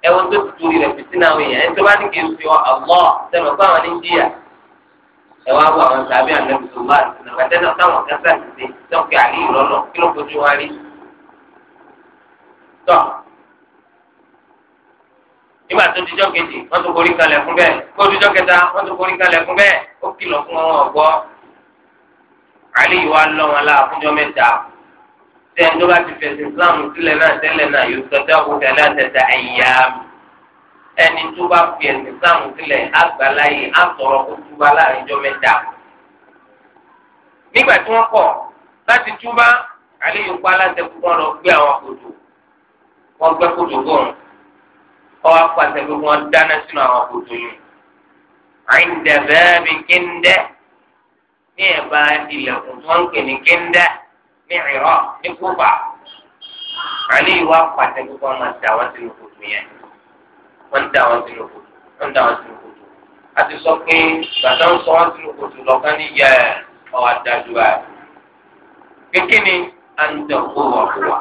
ẹ̀wọ̀n tó tutù rẹ̀ fìtínà àwọn èèyàn tó bá ní kí n fi ọ ẹ wá wọ àwọn tàbí ànábì tó bá àti náà àtẹnà táwọn kan sàkíyèsí tọkì àlè ìrọlọ kí ló fojú wa rí. tọ nígbà tó dijọ́ kejì wọ́n tó forí kalẹ̀ fún bẹ́ẹ̀ kó dijọ́ kẹta wọ́n tó forí kalẹ̀ fún bẹ́ẹ̀ ó kìlọ̀ fún wọn ọ̀gbọ́. àlè ìwà lọ wọn láà fúnjọ mẹ́ta tẹ́ ẹni tó bá ti fẹ̀sìn Islam sílẹ̀ náà tẹ́lẹ̀ náà yóò sọ ẹni tó bá fi ẹsẹ̀ sáàmù sílẹ̀ àgbàláyé àtọ̀rọ̀ kó túbá láàrin jọ mẹ́ta. nígbà tí wọ́n kọ̀ láti túbá àléyò pa aláṣẹ púpọ̀ lọ gbé àwọn kòtò wọ́n gbẹ́ kòtò gòrùn ọwọ́ apàṣẹ pé wọ́n dáná sínú àwọn kòtò yìí. àyìndẹ̀ bẹ́ẹ̀ bí kéńdẹ́ ní ẹ̀bá ilẹ̀kùn tí wọ́n ń pè ní kéńdẹ́ ní ìrọ̀ ní kúfà àléyò apàṣẹ púpọ̀ máa dà sínú kòtò yẹn wọ́n ń da wọn sínú kòtò wọ́n ń da wọn sínú kòtò àti sọ pé bàtà ń sọ wọn sínú kòtò lọ́kàn ní yẹ ọ̀wá dájú ẹ̀ kékeré ni à ń tẹ̀ kó wà kó wà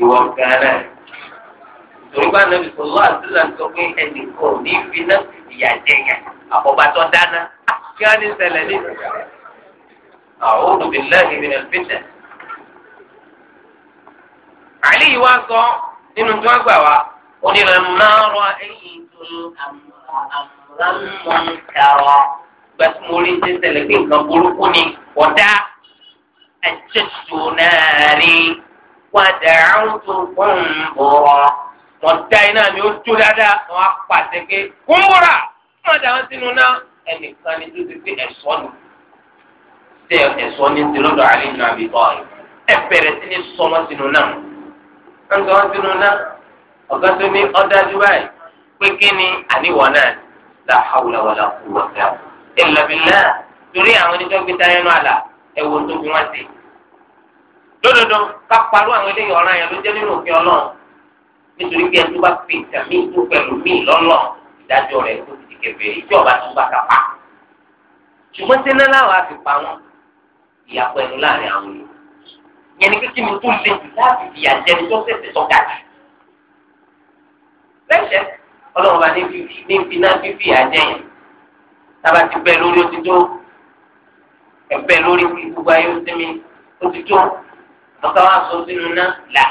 ìwọ gánà torí bá nàbì sọlọ́ àtúnṣe sọ pé ẹnì kan ò ní fi náà ìyà jẹyà àkọ́bá dáná kí wọ́n ní ṣẹlẹ̀ ní àwọn olùbílẹ̀ ìbínú ìbílẹ̀. àlè yìí wá sọ onímọ̀ ọ̀rọ̀ ẹ̀yìn tó àmúramọ̀ ń kẹrọ gbàtí mo rí ṣe ṣẹlẹ̀ pé nǹkan burúkú ni ọ̀dà ẹ̀jẹ̀tù náà rí wàdà àwùjọ fún bọ̀rọ̀ wọ́n dá iná mi ó jó dáadáa wọ́n á pàṣẹ pé kúmbùrà wọ́n dà sínú náà ẹnìkan ni tó ti pé ẹ̀sọ́ nù tẹ ẹ̀sọ́ ní ti lọ́dọ̀ àlejò àbíkọ́ ẹ̀ bẹ̀rẹ̀ sí ní sọmọ sínú náà ń sọmọ sínú náà ọ̀gá tó ní ọ̀dájú báyìí pé kí ni àníwọ̀ náà la hawla wala quwwata illa billah torí àwọn ẹni tó gbé táyé nù àlà ẹ̀wọ̀n tó fi wọ́n ti. lódodo ká parú àwọn eléyìí ọ̀ràn yẹn ló jẹ́ nínú òfin ọlọ́run nítorí pé ẹtú bá fi ìtàmì tó pẹ̀lú míì lọ́lọ́ ìdájọ́ rẹ̀ tó ti kẹfẹ́ ìjọba tó bá kápá. ṣùgbọ́n tí náà láwọn àfi pa wọn ìyàpọ̀ ẹnu láàrin àwọn èèyàn. yẹn ni kékeré ṣẹ̀ṣẹ̀ ọlọ́run bá ní fífi ní nfiná fífi àjẹyìn tába ti bẹ lórí ó ti tó ẹbẹ lórí gbogbo ayé ó ti mi ó ti tó ọ̀ká wa sọ sínú náà là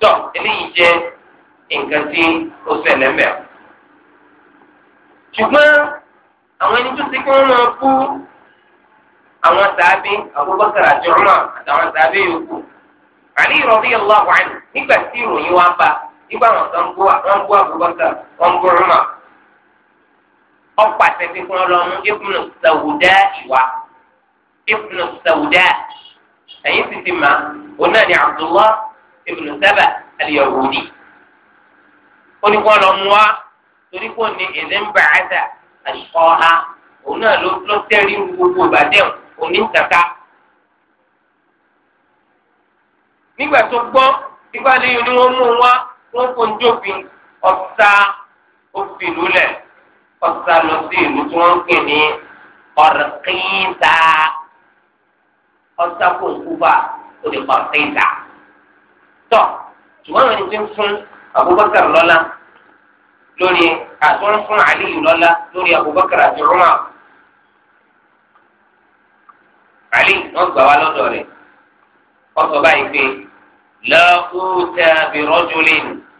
tọ́ eléyìí jẹ́ nǹkan tí ó ṣẹlẹ̀ mẹ́ o ṣùgbọ́n àwọn ẹni tó ti kí wọ́n máa kú àwọn sàábí Abubakar àti Umar àtàwọn sàábí yòókù Àlí radiyallahu anhu nígbà tí ìròyìn wa bá nígbà wọn kan gbó wọn gbó Abubakar wọn gbó Umar ọ̀pá tẹ̀sí fún ọlọ́run ibùnú sàwùdá ìwà ibùnú sàwùdá ẹ̀yìn sì ti mà òun náà ni Abdullah ibùnú Saba al-Yahudi ó ní kó ọlọ́run wá torí kó ní èdè ń bà á dà àṣọ ha òun náà ló ló tẹ́rí gbogbo ìbàdàn oníkàkà. nígbà tó gbọ́ ìgbà ni wọ́n mú un wọ́n kó jófin ọ̀sá òfìlú lẹ̀ ọ̀sá lọ sí ìlú tí wọ́n ń pè ní ọ̀rẹ́kìntà ọ̀sá kò kúbà ó lè pa ọ̀rẹ́kìntà. tọ́ ṣùgbọ́n àwọn ènìyàn ti ń fún Abubakar lọ́lá lórí àtúntò fún Aliyu lọ́lá lórí Abubakar àti Umar. Ali wọ́n gbà wá lọ́dọ̀ rẹ̀ ọ̀sọ̀ báyìí pé lọ́kùtà bìrọ́jùlẹ̀ nù.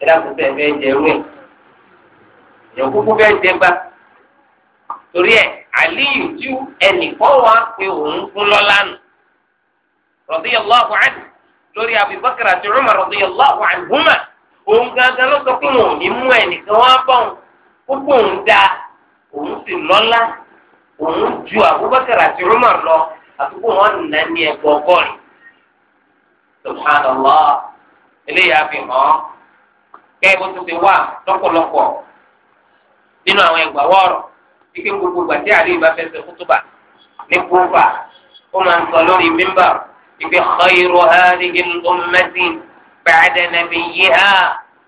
ẹdáàbò bẹ́ẹ̀ bẹ́ẹ̀ jẹ ewé èèyàn kúkú bẹ́ẹ̀ jẹ gbá torí ẹ aliyu tí ẹnìkan wà pé òun fún nù radiyallahu anhu lórí Abubakar àti Umar radiyallahu òun gangan ló sọ pé wọn ò ní mú ẹnìkan wá òun Abubakar àti Umar lọ àti wọn nà ní ẹgbọgọrin subhanallah eléyàá fi hàn kẹ́ẹ́ bó ti wà lọ́pọ̀lọpọ̀ nínú àwọn ẹgbà wọ́ọ̀rọ̀ ike gbogbo ìgbà tí àlè ìbá fẹsẹ̀ kútùbà ní kúfà ó máa ń sọ lórí mímbà ike khayru hadhihi al-ummati ba'da nabiyyiha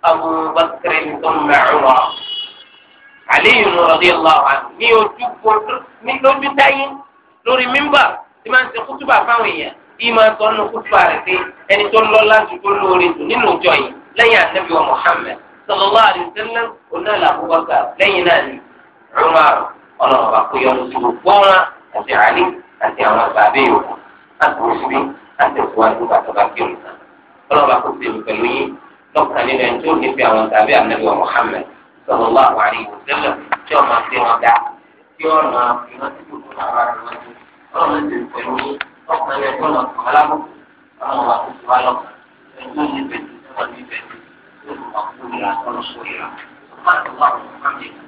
Abu Bakr thumma Umar. àlè ìrùn radiyallahu anhu ní ojú kó ní lójú táyé lórí mímbà tí máa ń ṣe kútùbà fáwọn èèyàn ìmọ̀ sọ́nù kútùbà rẹ̀ pé ẹni tó lọ́lá jù tó lóore jù nínú ìjọ yìí lẹ́yìn ànábì wa Muhammad sallallahu alaihi wasallam oná làbúbákà lẹ́yìn náà ni Umar ọlọ́run bá kó yọ lóṣù gbogbo wọn àti Ali àti àwọn àgbàbí yòókù àti òṣìbí àti ìwádìí bàtàkà kírun kan ọlọ́run bá kó sèmi pẹ̀lú yín lọ́kàn nínú ẹni tó nífẹ̀ẹ́ àwọn tàbí ànábì wa Muhammad sallallahu alaihi wasallam tí wọ́n máa fi dá tí wọ́n máa fi àwọn àrùn wọn ọlọ́run قلبه ثم قل يا رسول الله سبحان الله وبحمده